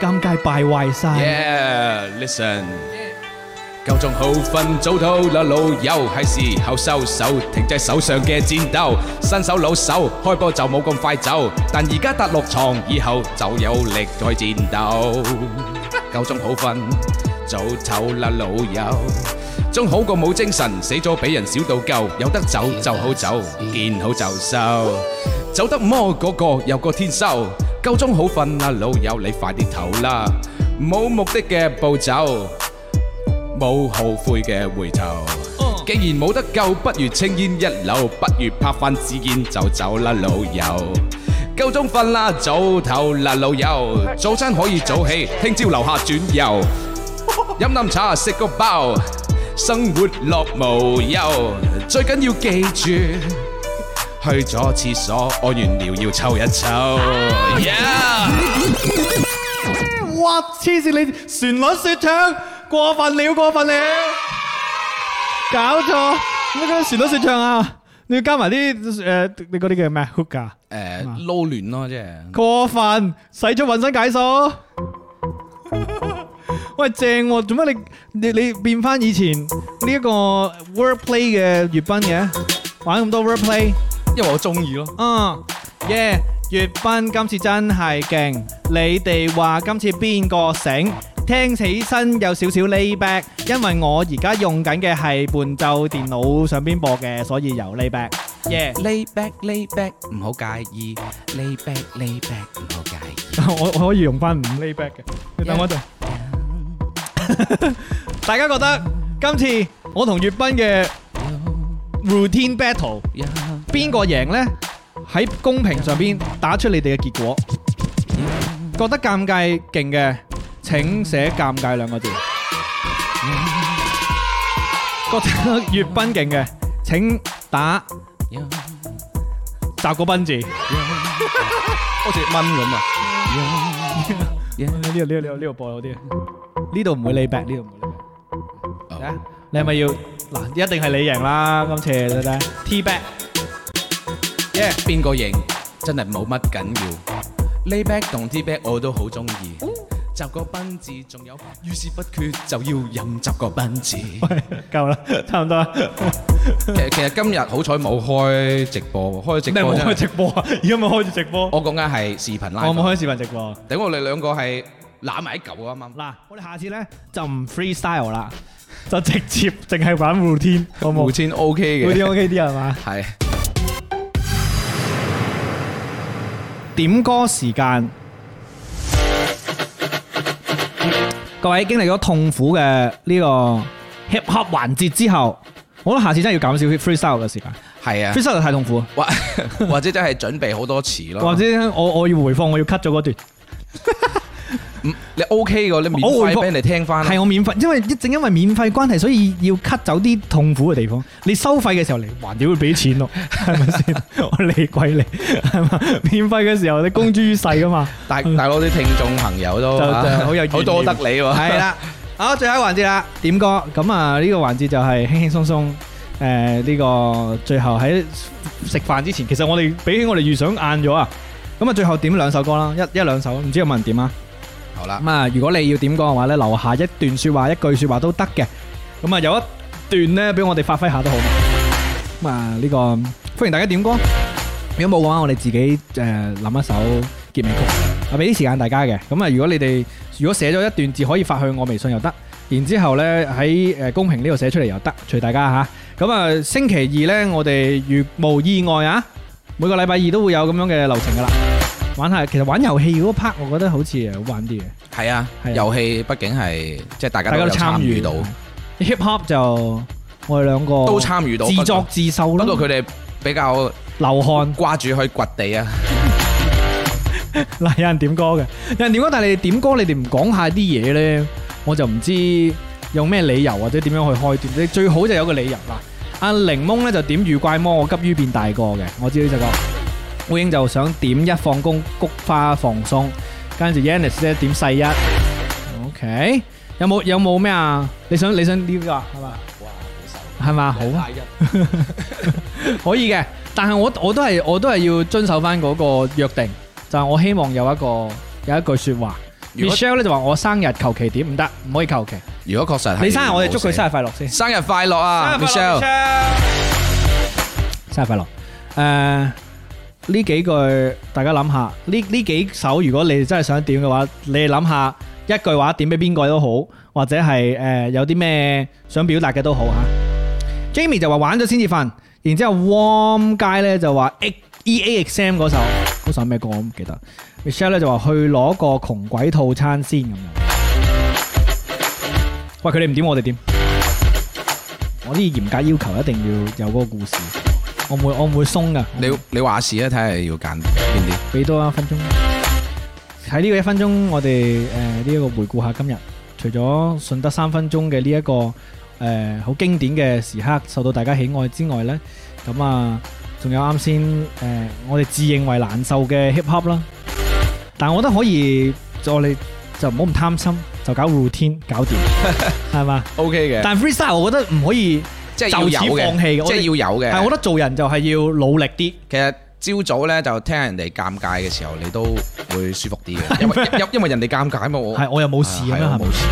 [SPEAKER 1] 尷尬敗壞曬，Yeah
[SPEAKER 3] listen，夠鍾好瞓，早唞啦老友，係時候收手，停止手上嘅戰鬥，新手老手，開波就冇咁快走，但而家搭落牀，以後就有力再戰鬥，夠鍾好瞓，早唞啦老友，仲好過冇精神，死咗俾人少到夠，有得走就好走，見好就收。走得麼？嗰個有個天收，夠鍾好瞓啦，老友你快啲唞啦，冇目的嘅步驟，冇後悔嘅回頭。既然冇得救，不如青煙一縷，不如拍翻支煙就走啦，老友。夠鍾瞓啦，早唞啦，老友。早餐可以早起，聽朝樓下轉悠，飲啖茶，食個包，生活樂無憂。最緊要記住。去咗廁所，屙完尿要抽一抽。
[SPEAKER 1] 哇！黐線，你旋律說唱過分了，過分了，搞錯！你個旋律說唱啊，你要加埋啲誒，你嗰啲叫咩？hook 噶？誒，
[SPEAKER 3] 撈亂咯，即係
[SPEAKER 1] 過分，使咗渾身解數。喂，正喎，做乜你你你變翻以前呢一個 wordplay 嘅悅斌嘅，玩咁多 wordplay？因為我中意咯。嗯，yeah，悅斌今次真係勁。你哋話今次邊個醒？聽起身有少少 layback，因為我而家用緊嘅係伴奏電腦上邊播嘅，所以有 layback。
[SPEAKER 3] yeah，layback，layback，唔好介意。layback，layback，唔好介
[SPEAKER 1] 意。我我可以用翻唔 layback 嘅。你等我一陣。大家覺得今次我同悅斌嘅 routine battle？邊個贏咧？喺公屏上邊打出你哋嘅結果。覺得尷尬勁嘅，請寫尷尬兩個字。覺得悦斌勁嘅，請打十個斌字。好似蚊咁啊！呢度呢度呢度播有啲，呢度唔會理 back，呢度。啊？你係咪要嗱？一定係你贏啦，今次你睇，T-back。邊個型真係冇乜緊要，lay back 同 d
[SPEAKER 3] back 我都好中意。集個賓字仲有遇事不決就要任集
[SPEAKER 1] 個賓字，夠啦，差唔多
[SPEAKER 3] 啦。其實其實今日好彩冇開直播。開直播咩？冇開直播啊？而家冇開住直播。我講緊係視頻 live，我冇開視頻直播。
[SPEAKER 1] 等我哋兩個係攬埋一嚿嘅一晚。嗱，我哋下次咧就唔 freestyle 啦，就直接淨係玩 routine，好冇？routineOK 嘅，routineOK 啲係嘛？係。點歌時間， 各位經歷咗痛苦嘅呢個 hip hop 環節之後，我覺得下次真係要減少 free style 嘅時間。係啊，free style 太痛苦啊，或 或者真
[SPEAKER 3] 係準備好多次咯，或者
[SPEAKER 1] 我我要回放，我要 cut 咗嗰段。
[SPEAKER 3] 你 O K 個，你免費俾人哋聽
[SPEAKER 1] 翻係我免費，因為正因為免費關係，所以要 cut 走啲痛苦嘅地方。你收費嘅時候嚟，還要俾錢咯，係咪先？我理鬼你係嘛？免費嘅時候，你公諸於世噶嘛？大大佬啲聽眾朋友都好有好多得你係啦。好，最後一個環節啦，點歌咁啊？呢個環節就係輕輕鬆鬆誒，呢個最後喺食飯之前，其實我哋比起我哋預想晏咗啊。咁啊，最後點兩首歌啦，一一兩首，唔知有冇人點啊？好啦，咁啊，如果你要點講嘅話咧，留下一段說話，一句說話都得嘅。咁啊，有一段咧，俾我哋發揮下都好。咁啊，呢個歡迎大家點歌。如果冇嘅話，我哋自己誒諗一首結尾曲。啊，俾啲時間大家嘅。咁啊，如果你哋如果寫咗一段字，可以發去我微信又得。然之後咧喺誒公屏呢度寫出嚟又得，隨大家吓。咁啊，星期二咧，我哋如無意外啊，每個禮拜二都會有咁樣嘅流程噶啦。玩下，其實玩遊戲嗰 part，我覺得好似係好玩啲嘅。係啊，遊戲畢竟係即係大家都有參與到。Hip Hop 就我哋兩個都參與到，自作自受咯。不過佢
[SPEAKER 3] 哋比較流汗，掛住可以掘地啊！
[SPEAKER 1] 嗱，有人點歌嘅，有人點歌，但係你哋點歌，你哋唔講下啲嘢咧，我就唔知用咩理由或者點樣去開斷。你最好就有個理由。嗱，阿檸檬咧就點遇怪魔，我急於變大個嘅，我知呢隻歌。烏英就想點一放工，菊花放鬆，跟住 Yanis 咧點細一，OK，有冇有冇咩啊？你想你想點噶係嘛？係嘛，好，可以嘅，但係我我都係我都係要遵守翻嗰個約定，就係我希望有一個有一句說話，Michelle 咧就話我生日求其點唔得，唔可以求其。如果確實係你生日，我哋祝佢生日快樂先。生日快樂啊，Michelle！生日快樂，誒。呢幾句大家諗下，呢呢幾首如果你哋真係想點嘅話，你哋諗下一句話點俾邊個都好，或者係誒、呃、有啲咩想表達嘅都好吓、啊。Jamie 就話玩咗先至瞓，然之後 Warm 街咧就話 E, e A X M 嗰首，嗰首咩歌我唔記得。 Michelle 咧就話去攞個窮鬼套餐先咁樣。喂，佢哋唔點我哋點，我呢嚴格要求一定要有嗰個故事。我唔會鬆，我唔會鬆噶。你你話事啦，睇下要揀邊啲。俾多一分鐘喺呢個一分鐘，我哋誒呢一個回顧下今日。除咗順德三分鐘嘅呢一個誒好、呃、經典嘅時刻，受到大家喜愛之外咧，咁啊仲有啱先誒我哋自認為難受嘅 hip hop 啦。但係我覺得可以助就你就唔好咁貪心，就搞露天搞掂，係嘛？OK 嘅。但係 freestyle，我覺得唔可以。即係就此放棄嘅，即係要有嘅。係，我覺得做人就係要
[SPEAKER 3] 努力啲。其實朝早咧，就聽人哋尷尬嘅時候，你都會舒服啲嘅。因為因因為人哋尷尬嘛，我係
[SPEAKER 1] 我又冇事咁樣嚇。冇事。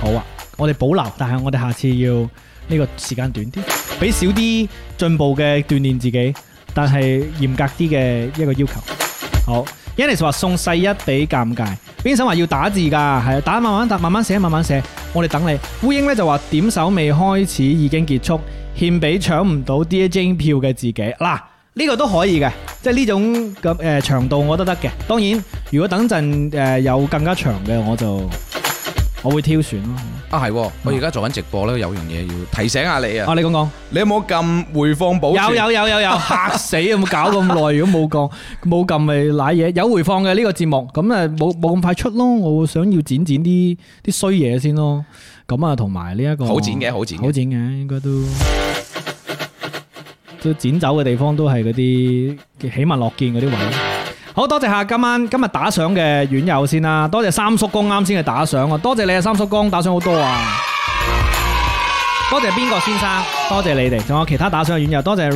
[SPEAKER 1] 好啊，我哋保留，但係我哋下次要呢個時間短啲，俾少啲進步嘅鍛鍊自己，但係嚴格啲嘅一個要求。好，Yannis 是話送細一俾尷尬。邊手話要打字噶？係啊，打慢慢打，慢慢寫，慢慢寫，我哋等你。烏英咧就話點首未開始已經結束，獻俾搶唔到 Dear Jane 票嘅自己。嗱、啊、呢、這個都可以嘅，即係呢種咁誒、呃、長度我都得嘅。當然，如果等陣誒有更加長嘅，我就，我會挑選咯。啊係，我而
[SPEAKER 3] 家做緊直播咧，有樣嘢要提醒下你啊。啊，你講講，你有冇撳回放保？有有有有有，嚇
[SPEAKER 1] 死！有冇搞咁耐，如果冇個冇撳咪瀨嘢。有回放嘅呢個節目，咁啊冇冇咁快出咯。我想要剪剪啲啲衰嘢先咯。咁啊，同埋呢一個好剪嘅，好剪嘅，好剪嘅，應該都都剪走嘅地方都係嗰啲起碼落見嗰啲位。好多謝下今晚今日打賞嘅院友先啦，多謝三叔公啱先嘅打賞啊，多謝你啊三叔公打賞好多啊，多謝邊個先生，多謝你哋，仲有其他打賞嘅院友，多謝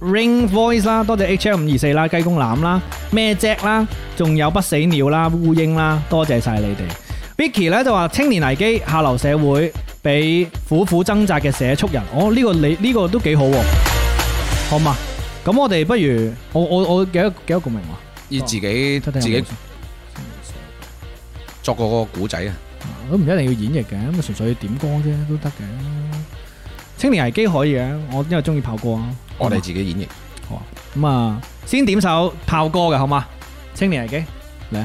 [SPEAKER 1] Ring Voice 啦，多謝 HL 五二四啦，雞公欖啦，咩 Jack 啦，仲有不死鳥啦，烏蠅啦，多謝晒你哋。Vicky 咧，就話青年危機下流社會俾苦苦掙扎嘅社畜人，哦呢個你呢個都幾好，好嘛？咁我哋不如我我我幾多幾多共鳴啊？要自己自己
[SPEAKER 3] 作個個古仔啊！
[SPEAKER 1] 都唔一定要演繹嘅，咁咪純粹要點歌啫，都得嘅。青年危機可以嘅，我因為中意炮歌啊。我哋
[SPEAKER 3] 自己演繹，好啊，
[SPEAKER 1] 咁啊，嗯、先點首炮歌嘅，好嘛？青年危機，嚟。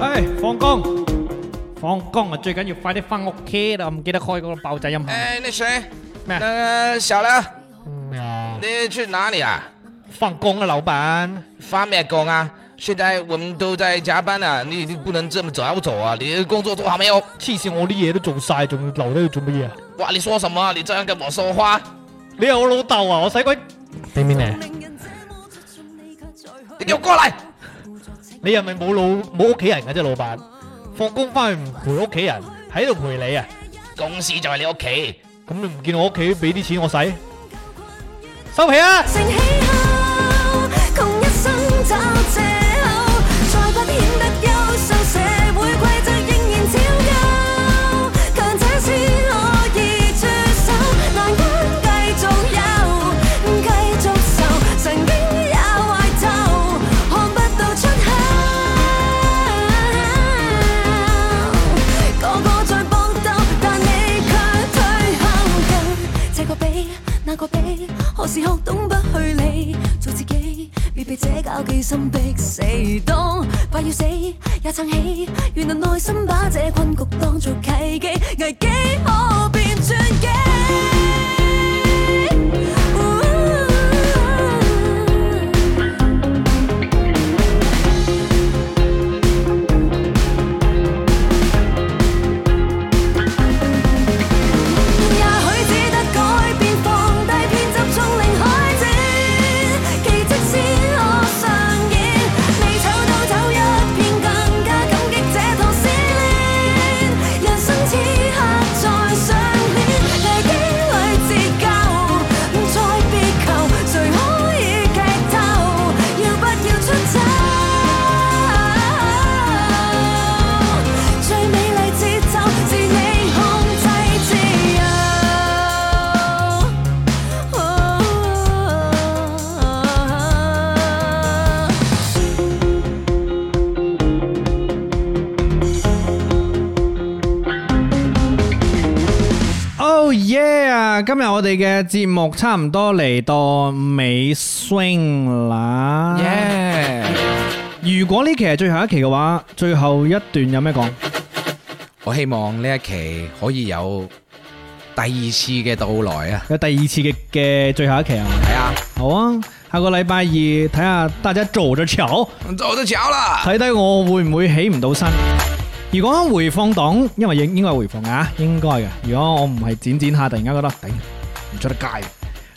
[SPEAKER 1] 哎，放工，放工啊！最緊要快啲翻屋企啦，唔記得開個爆炸音響。哎，你
[SPEAKER 3] 誰？咩？小梁。
[SPEAKER 1] 嗯呀。你去哪裏啊？放
[SPEAKER 3] 工啊，老闆。翻咩工啊？現在我們都在加班啊，你你不能這麼
[SPEAKER 1] 早走啊，唔走啊！你工作做好沒有？黐線，我啲嘢都做晒，仲留喺度做乜嘢？哇！你說什麼？你這樣跟我說話？你好老豆啊！我使鬼。
[SPEAKER 2] 對面，你
[SPEAKER 1] 給我過來！你係咪冇老冇屋企人噶啫？老闆，放工翻去唔陪屋企人，喺度陪你啊！
[SPEAKER 3] 公司就係你屋企，
[SPEAKER 1] 咁你唔見我屋企俾啲錢我使，
[SPEAKER 2] 收皮啊！ 何時學懂不去理做自己，別被這搞計心逼死。當快要死也撐起，願能耐心把這困局當作契機，危機可變轉機。Yeah.
[SPEAKER 1] 今日我哋嘅節目差唔多嚟到尾聲啦 Yeah. 如果呢期係最後一期嘅話，最後一段有咩講？我希望呢一期可以有第二次嘅到來啊！有第二次嘅嘅，最後一期係咪睇下，啊好啊！下個禮拜二睇下大家做咗橋，
[SPEAKER 3] 做咗橋啦！
[SPEAKER 1] 睇睇我會唔會起唔到身？如果回放檔，因為應應該係回放啊，吓，應該嘅。如果我唔係剪剪下，突然間覺得頂唔 出得街，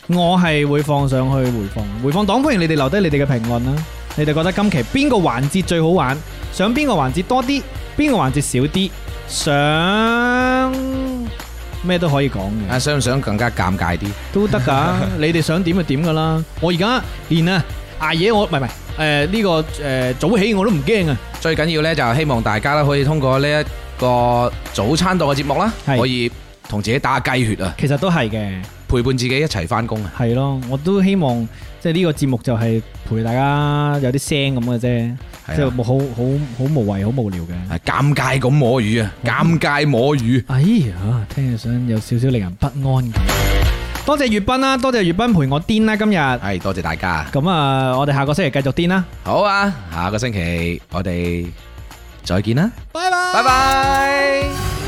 [SPEAKER 1] 我係會放上去回放。回放檔，歡迎你哋留低你哋嘅評論啦。你哋覺得今期邊個環節最好玩？想邊個環節多啲？邊個環節少啲？想咩都可以講嘅。啊，想唔想更加尷尬啲？都得噶， 你哋想點就點噶啦。我而家點啊？捱夜我唔係唔係，誒呢個誒早起我都唔驚啊！最緊要咧就希望大家咧可
[SPEAKER 3] 以通過呢一個早餐檔嘅節目啦，可以同自己打下雞血啊！其實都係嘅，陪伴自己一齊翻工啊！
[SPEAKER 1] 係咯，我都希望即係呢個節目就係陪大家有啲聲咁嘅啫，即係冇好好好無謂好無聊嘅，尷尬咁摸魚啊，尷尬摸魚！哎呀，聽起身有少少令人不安咁。多謝悅斌啦，啊，多謝悅斌陪我癲啦，啊，今日係多謝大家。咁啊，我哋下個星期繼續癲啦，
[SPEAKER 3] 啊。好啊，下個星期我哋再見啦，拜拜 bye，拜拜。